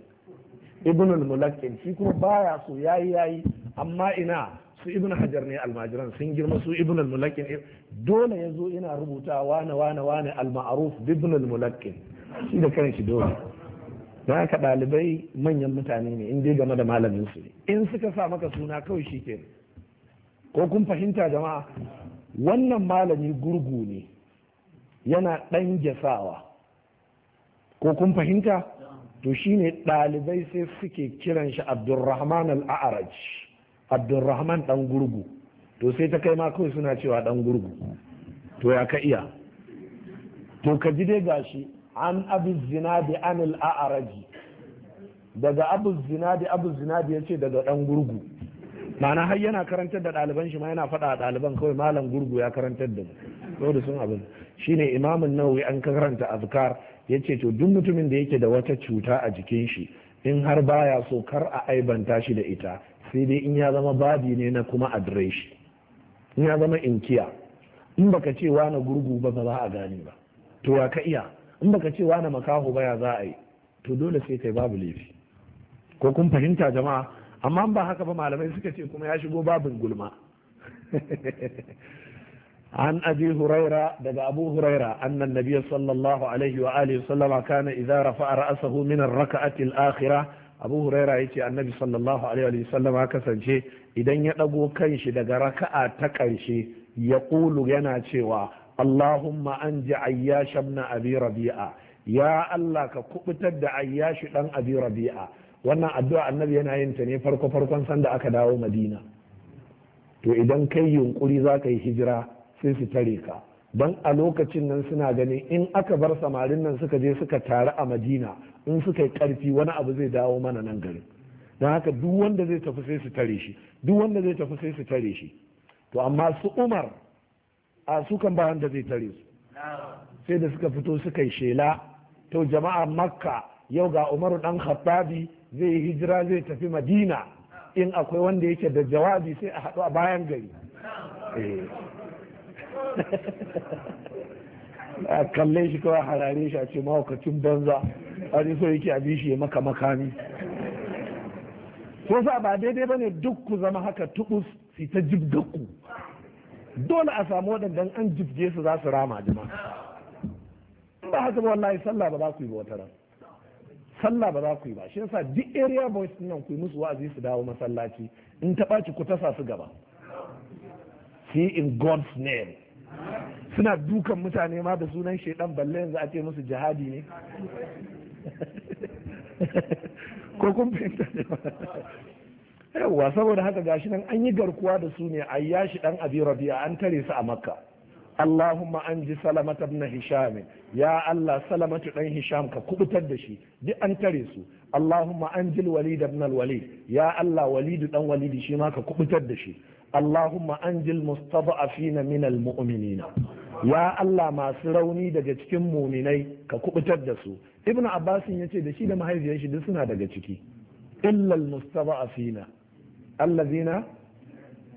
ibnul mulakkin shi kuma baya so yayi yayi amma ina su ibn hajar ne almajiran sun girma su ibn al-mulakkin dole yazo ina rubuta wane wane wane al-ma'ruf ibn al-mulakkin shi da kanshi dole don ka ɗalibai manyan mutane ne in dai game da malamin su in suka sa maka suna kawai shi ke ko kun fahimta jama'a wannan malami gurgu ne yana ɗan gyasawa ko kun fahimta to shine ɗalibai sai suke kiran shi abdurrahman al'araj abdurrahman ɗan gurgu to sai ta kai ma kawai suna cewa ɗan gurgu to ya ka iya to ka ji dai gashi an abu zinadi an al'araji daga abu zinadi abu zinadi ya ce daga ɗan gurgu mana har yana karantar da ɗaliban shi ma yana faɗa a ɗaliban kawai malam gurgu ya karantar da mu da sun abin shine imamun nawawi an karanta azkar yace to duk mutumin da yake da wata cuta a jikin shi in har baya so kar a aibanta shi da ita sai dai in ya zama babi ne na kuma adireshi in ya zama inkiya in baka ce wani gurgu ba ba a gane ba to ya ka iya in baka ce wani makaho ba ya za a yi to dole sai kai babu laifi ko kun fahimta jama'a amma ba haka ba malamai suka ce kuma ya shigo babin gulma عن أبي هريرة دقى أبو هريرة أن النبي صلى الله عليه وآله وسلم كان إذا رفع رأسه من الركعة الآخرة أبو هريرة يتي النبي صلى الله عليه وسلم هكذا شيء إذا يدقوا كنش دقى ركعة تكنشي يقول ينا شيء اللهم أنج عياش ابن أبي ربيعة يا الله كقبتد عياش ابن أبي ربيعة wannan addu'a annabi yana yin ta ne farko farkon sanda aka dawo madina to idan kai yunkuri za ka yi hijira sai su tare ka don a lokacin nan suna ganin in aka bar samarin nan suka je suka taru a madina in suka yi karfi wani abu zai dawo mana nan garin don haka duk wanda zai tafi sai su tare shi duk wanda zai tafi sai su tare shi to amma su umar a su kan ba wanda zai tare su sai da suka fito suka yi shela to jama'a makka yau ga umaru dan khattabi zai yi hijira zai tafi madina in akwai wanda yake da jawabi sai a haɗu a bayan gari eh. a kalle shi kawai harare shi a ce mahaukacin banza a so yake a shi ya maka makami ko sa ba daidai ba ne duk ku zama haka tubus su ta da ku dole a samu waɗanda an jibge su za su rama jima ba haka ba wallahi sallah ba za ku yi ba wata ran sallah ba za ku yi ba shi yasa duk area boys nan ku yi musu wa'azi su dawo masallaci in ta ɓaci ku tasa su gaba see in god's name suna dukan mutane ma da sunan shaidan balle yanzu a ce musu jihadi ne ko kun fahimta ne yawwa saboda haka gashi nan an yi garkuwa da su ne a yashi dan abi rabi'a an tare su a makka Allahumma an ji salamata na hisham ya Allah salamatu dan hisham ka kubutar da shi duk an tare su Allahumma an ji walid ibn walid ya Allah walid dan walid shi ma ka kubutar da shi Allahumma anjil mustada'afina minal mu'minina ya Allah masu rauni daga cikin muminai ka kubutar da su ibn abbasin ya ce da shi da mahaifiyar shi duk suna daga ciki illal mustada'afina allazina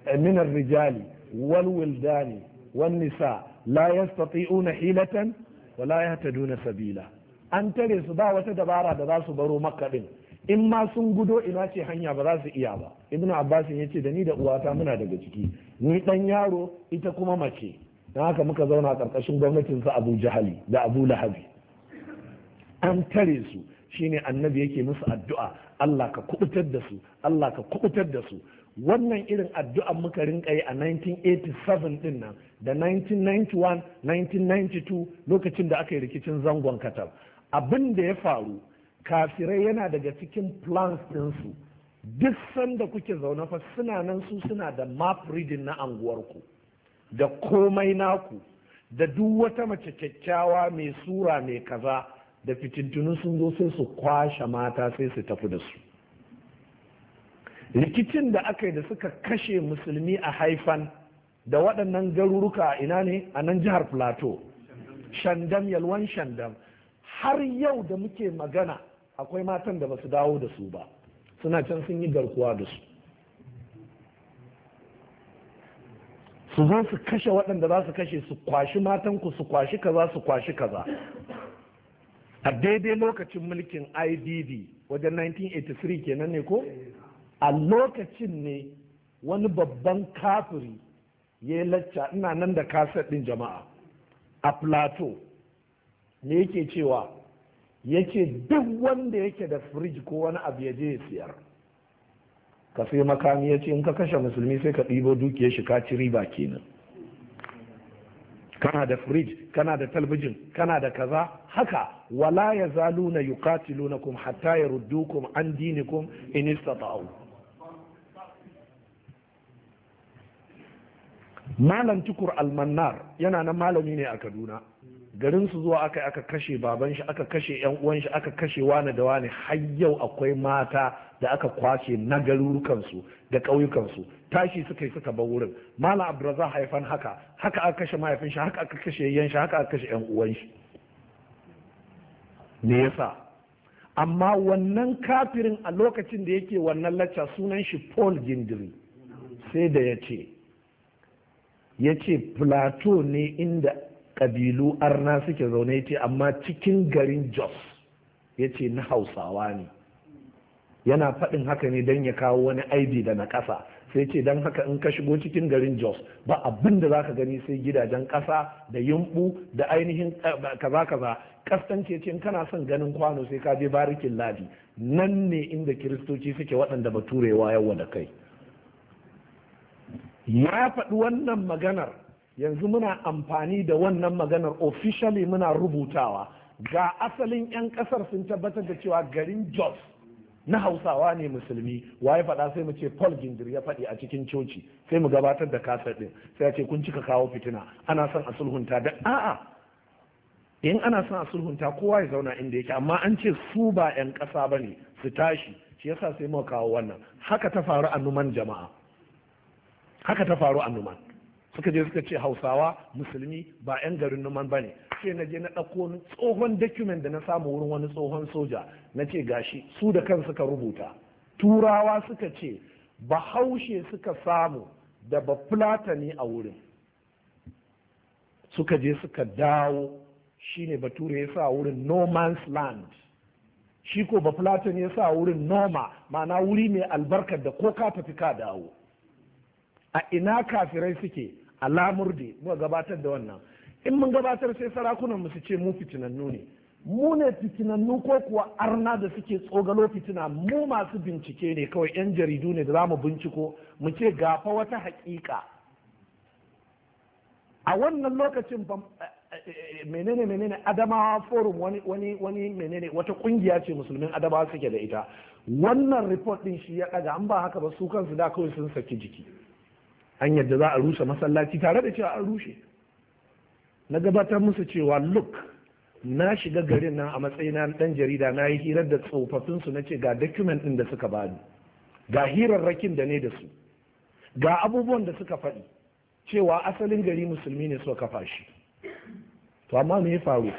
eh, min ar-rijali wal wildani wan nisa la yastati'una hilatan wa la yahtaduna sabila an tare su ba wata dabara da za su baro makka din in ma sun gudo ina ce hanya ba za su iya ba ibnu abbas ya ce da ni da uwata muna daga ciki ni dan yaro ita kuma mace dan haka muka zauna karkashin gwamnatin su abu jahali da abu lahabi an tare su shine annabi yake musu addu'a Allah ka kubutar da su Allah ka kubutar da su wannan irin addu'an muka rinka yi a 1987 din nan da 1991 1992 lokacin da aka yi rikicin zangon katab abin da ya faru kafirai yana daga cikin plans ɗinsu duk sanda kuke zaune fa suna nan su suna da map reading na anguwarku da komai naku da duk wata mace kyakkyawa mai sura mai kaza da fitintunu sun zo sai su kwashe mata sai su tafi da su rikicin da aka yi da suka kashe musulmi a haifan da waɗannan garuruka ina ne a nan jihar plateau shandam yalwan shandam har yau da muke magana akwai matan da ba su dawo da su ba suna can sun yi garkuwa da su su zo su kashe waɗanda za su kashe su kwashi matanku su kwashi kaza su kwashi kaza a daidai lokacin mulkin idd wajen 1983 kenan ne ko a lokacin ne wani babban kafiri ya yi lacca ina nan da kaset ɗin jama'a a plateau ne yake cewa Yake duk wanda yake da firij ko wani abu ya je ya siyar ka sai makami ya ce in ka kashe musulmi sai ka ɗibo dukiya shi ka ci riba kenan kana da firij kana da talbijin kana da kaza haka wala ya zalu na na kum hatta ya yaruddukum an dini dinikum in istata'u malam tukur almannar yana nan malami ne a kaduna garin su zuwa aka aka kashe baban shi aka kashe yan uwan shi aka kashe wani da wani har yau akwai mata da aka kwace na garurukan su da ƙauyukan su tashi suka yi suka bar wurin malam abdurrazzaq haifan haka haka aka kashe mahaifin shi haka aka kashe yan shi haka aka kashe yan uwan shi me yasa amma wannan kafirin a lokacin da yake wannan lacca sunan shi Paul Gindiri sai da ya ce ya ce plateau ne inda kabilu arna suke zaune ce amma cikin garin jos ya ce na hausawa ne yana faɗin haka ne don ya kawo wani aibi da na ƙasa sai ce don haka in ka shigo cikin garin jos ba abin da za ka gani sai gidajen ƙasa da yumɓu da ainihin eh, kaza kaza kaskance ce kana son ganin kwano sai ka je barikin ladi nan ne inda kiristoci suke waɗanda ba turewa yawa da kai ya faɗi wannan maganar yanzu muna amfani da wannan maganar officially muna rubutawa ga asalin 'yan kasar sun tabbatar da cewa garin jos na hausawa ne musulmi Wa ya faɗa sai mu ce paul gindir ya faɗi a cikin coci sai mu gabatar da kasar ɗin sai ya ce kun cika kawo fitina ana son a sulhunta da a'a in ana son a sulhunta kowa ya zauna inda yake amma an ce su ba 'yan ƙasa ba ne su tashi shi yasa sai muka kawo wannan haka ta faru a numan jama'a haka ta faru a numan suka je suka ce hausawa musulmi ba 'yan garin numan ba ne sai na je na ɗauko wani tsohon document da na samu wurin wani tsohon soja na ce gashi su da kan suka rubuta turawa suka ce bahaushe suka samu da ba fulatani a wurin suka je suka dawo shine bature ya sa wurin no man's land shi ko ba fulatani ya sa wurin noma ma'ana wuri mai albarkar da ko ka tafi ka dawo a ina kafirai suke a muka gabatar da wannan in mun gabatar sai sarakunan su ce mu fitinannu ne mu ne fitinannu ko kuwa arna da suke tsogalo fitina mu masu bincike ne kawai yan jaridu ne da za mu binciko mu ce gafa wata haƙiƙa a wannan lokacin eh, eh, menene menene adamawa forum wani menene wata kungiya ce musulmin adamawa suke da ita wannan report din shi ya ɗaga, an ba haka ba su kansu da kawai sun saki jiki an da za a rusa masallaci tare da cewa an rushe na gabatar musu cewa look na shiga garin nan a matsayina dan jarida na yi hirar da tsofaffin su na ce ga document din da suka bani ga hirarrakin da ne da su ga abubuwan da suka faɗi cewa asalin gari musulmi ne suka kafa shi to amma me ya faru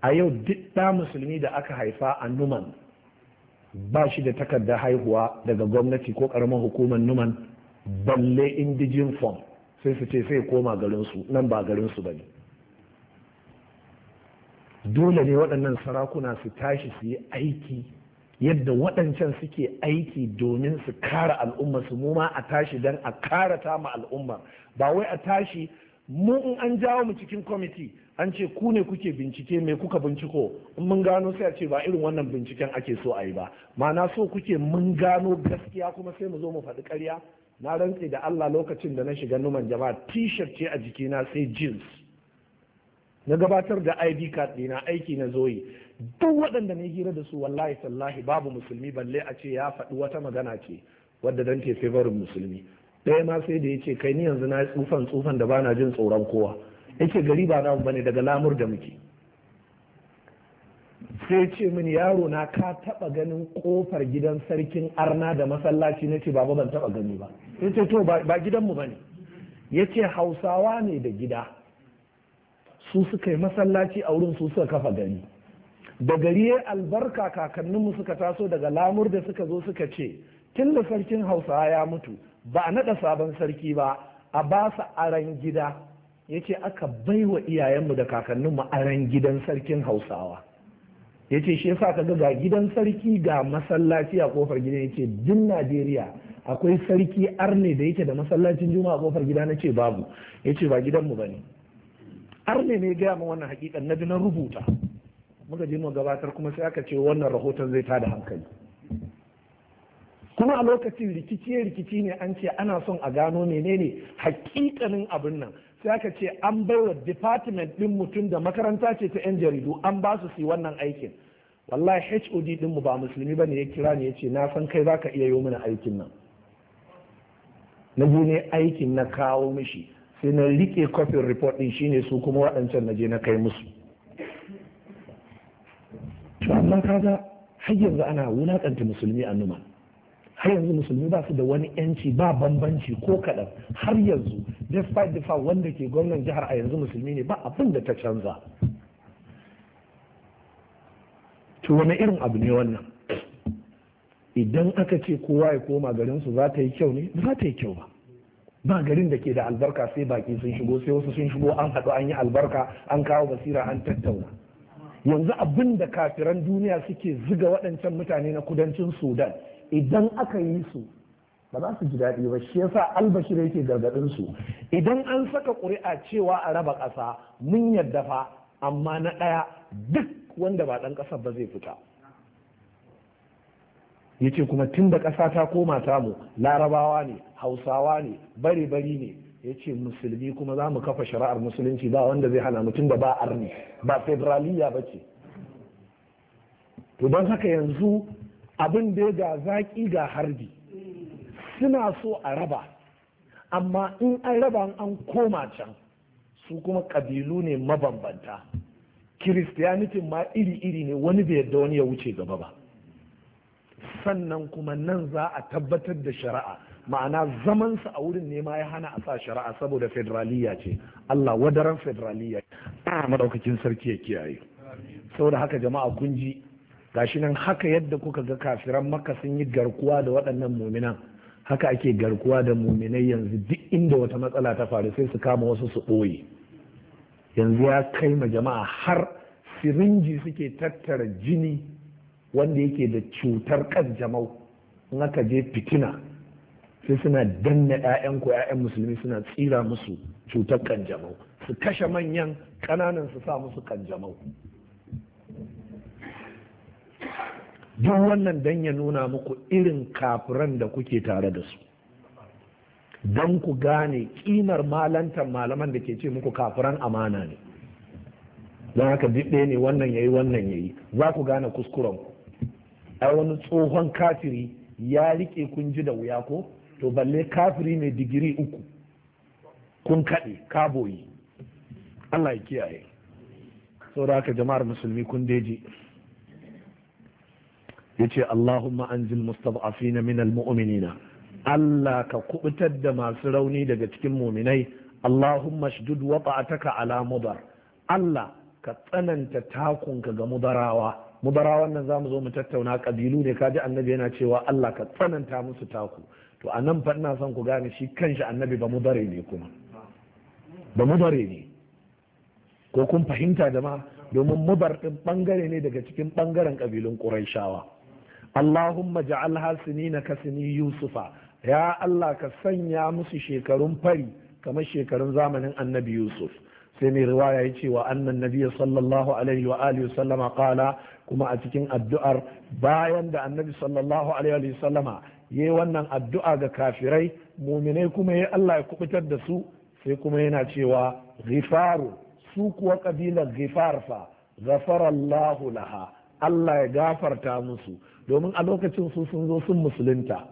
a yau duk da musulmi da aka haifa a numan ba shi da takardar haihuwa daga gwamnati ko ƙaramin hukumar numan balle indijin form sai su ce sai koma garinsu nan ba garinsu ba ne dole ne waɗannan sarakuna su tashi su yi aiki yadda waɗancan suke aiki domin su kara al'umma su mu ma a tashi don a kara ta ma al'umma ba wai a tashi mu in an jawo mu cikin kwamiti an ce ku ne kuke bincike mai kuka binciko in mun gano sai a ce ba irin wannan binciken ake so a yi ba ma'ana so kuke mun gano gaskiya kuma sai mu zo mu faɗi karya. na rantse da Allah lokacin da na shiga numan jama'a t-shirt ce a jikina sai jeans na gabatar da ID card dina aiki na zoyi duk waɗanda na hira da su wallahi sallahi babu musulmi balle a ce ya faɗi wata magana ce wadda dan ke favorin musulmi ɗaya ma sai da ya ce kai ni yanzu na tsufan tsufan da bana jin tsoron kowa yake gari ba ba bane daga lamur da muke sai ce mini yaro na ka taɓa ganin kofar gidan sarkin arna da masallaci na ce baba ban taba gani ba ya ce to ba gidanmu ba ne ya ce hausawa ne da gida su suka yi masallaci a wurin su suka kafa gari da gari ya albarka kakanninmu suka taso daga lamur da suka zo suka ce tun da sarkin hausawa ya mutu ba a naɗa sabon sarki ba a ba su aran gida ya ce aka bai wa iyayenmu da kakanninmu aran gidan sarkin hausawa ya ce shi yasa kaga ga gidan sarki ga masallaci a kofar gidan ya ce duk najeriya akwai sarki arne da yake da masallacin juma'a kofar gida na ce babu ya ce ba gidanmu ba ne arne ne gaya ma wannan hakikan na na rubuta muka je mu gabatar kuma sai aka ce wannan rahoton zai tada hankali kuma a lokacin rikici rikici ne an ce ana son a gano menene hakikanin abin nan sai aka ce an baiwa department din mutum da makaranta ce ta 'yan jaridu an ba su wannan aikin wallahi hod din mu ba musulmi ba ne ya kira ne ya ce na san kai zaka iya yi mana aikin nan na je ne aikin na kawo mishi sai na rike kofin report din shine su kuma waɗancan na je na kai musu to amma kaga har yanzu ana wulakanta musulmi a numa har yanzu musulmi ba su da wani yanci ba bambanci ko kaɗan har yanzu despite the fact wanda ke gwamnan jihar a yanzu musulmi ne ba abin da ta canza to wani irin abu ne wannan idan aka ce kowa ya koma garinsu za ta yi kyau ne za ta yi kyau ba ba garin da ke da albarka sai baki sun shigo sai wasu sun shigo an haɗu an yi albarka an kawo basira an tattauna yanzu abin da kafiran duniya suke ziga waɗancan mutane na kudancin sudan idan aka yi su ba za su ji daɗi ba shi yasa albashir yake gargaɗin su idan an saka ƙuri'a cewa a raba ƙasa mun yadda fa amma na ɗaya duk wanda ba ɗan ƙasar ba zai fita ya ce kuma tun da ƙasa ta koma tamu larabawa ne hausawa ne bare bari ne ya ce musulmi kuma za mu kafa shari'ar musulunci ba wanda zai hana mutum da ba arni ba federaliya ba ce to don haka yanzu abin da ga zaƙi ga harbi suna so a raba amma in an raba an koma can su kuma ƙabilu ne mabambanta kiristiyanitin ma iri-iri ne wani bai yadda wani ya wuce gaba ba sannan kuma nan za a tabbatar da shari'a ma'ana zamansa a wurin nema ya hana a sa shari'a saboda federaliya ce Allah wadaran federaliya a madaukakin sarki ya kiyaye saboda haka jama'a kun ji gashi nan haka yadda kuka ga kafiran maka sun yi garkuwa da waɗannan muminan haka ake garkuwa da muminai yanzu duk inda wata matsala ta faru sai su kama wasu su ɓoye yanzu ya kai ma jama'a har sirinji suke tattara jini wanda yake da cutar kanjamau in aka je fitina sai suna danna 'ya'yan ku 'ya'yan musulmi suna tsira musu cutar kanjamau su kashe manyan kananan su sa musu kanjamau duk wannan dan ya nuna muku irin kafiran da kuke tare da su don ku gane kimar malantar malaman da ke ce muku kafiran amana ne don haka duk ne wannan yayi wannan yayi za ku gane kuskuren ku ai wani tsohon kafiri ya rike kun ji da wuya ko to balle kafiri mai digiri uku kun kaɗe kaboyi Allah ya kiyaye saboda haka jama'ar musulmi kun deji yace Allahumma anzil mustad'afina min almu'minina Allah ka kubutar da masu rauni daga cikin muminai Allahumma shdud wata'ataka ala mudar Allah ka tsananta takunka ga mudarawa bara wannan za mu zo mu tattauna kabilu ne kaji annabi yana cewa Allah ka tsananta musu taku to a nan fa ina son ku gane shi kanshi annabi ba mu bare ne kuma ba mu bare ne ko kun fahimta da ma domin mubar din bangare ne daga cikin bangaren kabilun quraishawa Allahumma ja'al hasinina ka sini Yusufa ya Allah ka sanya musu shekarun fari kamar shekarun zamanin annabi Yusuf sai mai riwaya ya ce wa annan nabiya sallallahu alaihi wa alihi sallama kala kuma a cikin addu'ar bayan da annabi sallallahu alaihi wa sallama ya yi wannan addu'a ga kafirai muminai kuma ya Allah ya kubutar da su sai kuma yana cewa rifaru su kuwa kabilar ghifar fa Zafarallahu laha Allah ya gafarta musu domin a lokacin su sun zo sun musulunta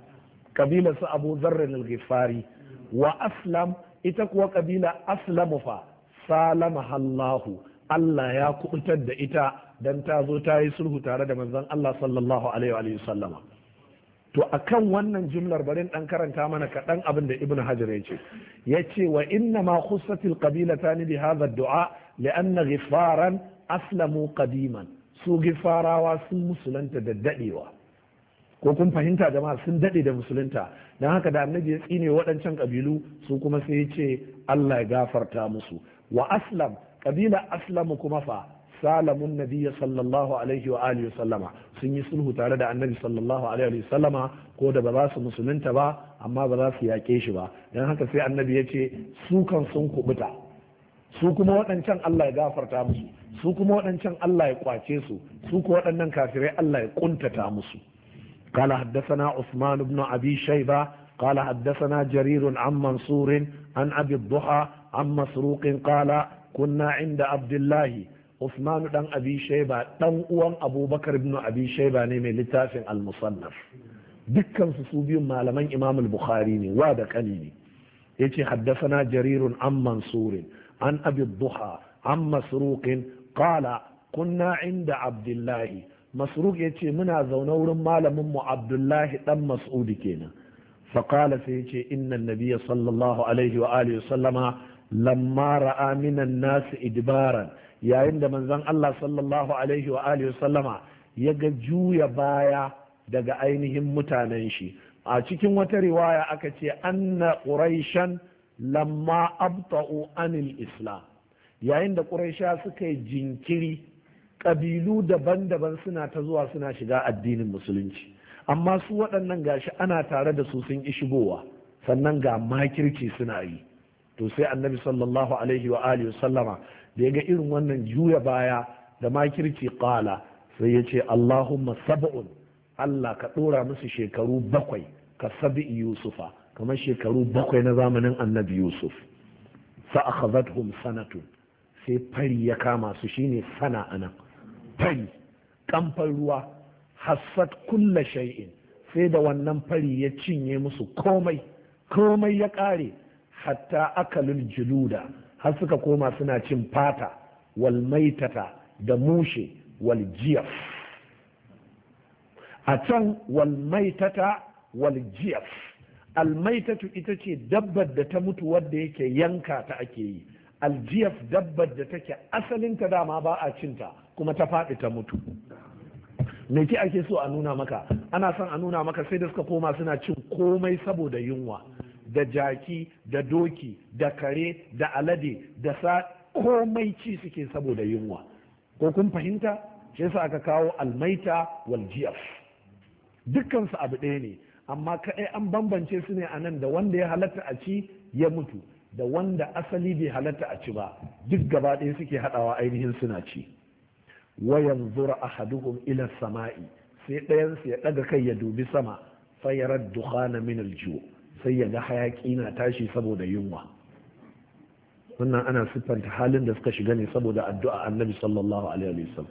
kabilar su Abu Zarrin al wa aslam ita kuwa kabila aslamu fa salamaha Allahu Allah ya kubutar da ita dan ta zo ta yi sulhu tare da manzon Allah sallallahu alaihi wa sallama to akan wannan jimlar barin dan karanta mana kaɗan abin da ibnu hajar ya ce yace wa inna ma khussatil qabilatani bi hadha ad-du'a li'anna ghifaran aslamu qadiman su gifarawa sun musulunta da dadewa ko kun fahimta jama'a sun dade da musulunta dan haka da annabi ya tsine waɗancan kabilu su kuma sai ya ce Allah ya gafarta musu wa aslam kabila aslamu kuma fa salamun nabiyya sallallahu alaihi wa alihi sallama sun yi sulhu tare da annabi sallallahu alaihi wa sallama ko da ba za su musulunta ba amma ba za su yaƙe shi ba don haka sai annabi ya ce su kan sun kubuta su kuma waɗancan Allah ya gafarta musu su kuma waɗancan Allah ya kwace su su kuma waɗannan kafirai Allah ya kuntata musu قال حدثنا عثمان بن أبي شيبة قال حدثنا جرير عن منصور عن أبي الضحى an masruqin qala kunna inda abdullahi Usmanu ɗan abi ɗan uwan abubakar ibn abi ne mai littafin al-musannaf dukkan su su biyun malaman imamul al ne wa da kani ne yace haddathana jarirun an mansurin an abi an masruqin qala kunna inda abdullahi masruq yace muna zaune wurin malamin mu abdullahi ɗan mas'udi kenan فقال سيتي إن النبي صلى الله عليه وآله وسلم lamma ra'a minan nasu idbaran yayin da manzon Allah sallallahu alaihi wa alihi sallama ya ga juya baya daga ainihin mutanen shi a cikin wata riwaya aka ce anna quraishan lamma abta'u anil islam yayin da quraisha suka yi jinkiri kabilu daban-daban suna ta zuwa suna shiga addinin musulunci amma su waɗannan gashi ana tare da su sun ishigowa sannan ga makirci suna yi to sai annabi sallallahu alaihi wa alihi sallama da ya ga irin wannan juya baya da makirci ƙala, sai ya ce allahumma sab'un allah ka dora musu shekaru bakwai ka sabi yusufa kamar shekaru bakwai na zamanin annabi yusuf fa akhadhatuhum sanatun sai fari ya kama su shine sana anan fari kamfan ruwa hassat kulla shay'in sai da wannan fari ya cinye musu komai komai ya kare hatta akalul juluda har suka koma suna cin fata wal maitata da mushe wal jiyaf a can wal maitata wal jiyaf al ita ce dabbar da ta mutu wadda yake yanka ta ake yi aljiyaf dabbar da take asalinta dama ba a cinta kuma ta faɗi ta mutu me ke ake so a nuna maka ana son a nuna maka sai da suka koma suna cin komai saboda yunwa da jaki da doki da kare da alade da sa komai ci suke saboda yunwa ko kun fahimta shi yasa aka kawo almaita wal jiyaf dukkansu abu ɗaya ne amma kaɗai an bambance su ne a nan da wanda ya halatta a ci ya mutu da wanda asali bai halatta a ci ba duk gaba ɗaya suke haɗawa ainihin suna ci wayan zura a haduhun ilar sama'i sai ɗayansu ya ɗaga kai ya dubi sama fayarar dukana min aljiwo sai ya ga hayaƙi na tashi saboda yunwa wannan ana siffanta halin da suka shiga ne saboda addu'a annabi sallallahu alaihi wasallam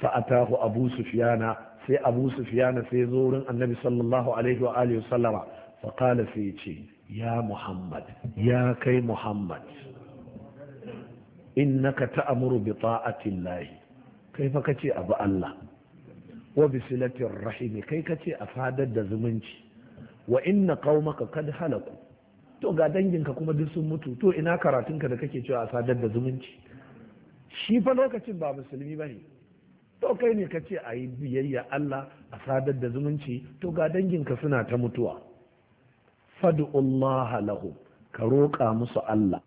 fa'atahu abu sufyana sai abu sufyana sai zo wurin annabi sallallahu alaihi wa alihi wasallama fa qala sai ce ya muhammad ya kai muhammad innaka ta'muru bi ta'ati llahi kai fa kace abu allah wa bi rahimi kai kace a fadar da zumunci wa inna qaumaka kad halaku to ga danginka kuma duk sun mutu to ina karatunka da kake cewa a sadar da zumunci shi fa lokacin ba musulmi bane to kai ne kace ce a yi biyayya Allah a sadar da zumunci to ga danginka suna ta mutuwa Fadu Allah lahum ka roƙa musu Allah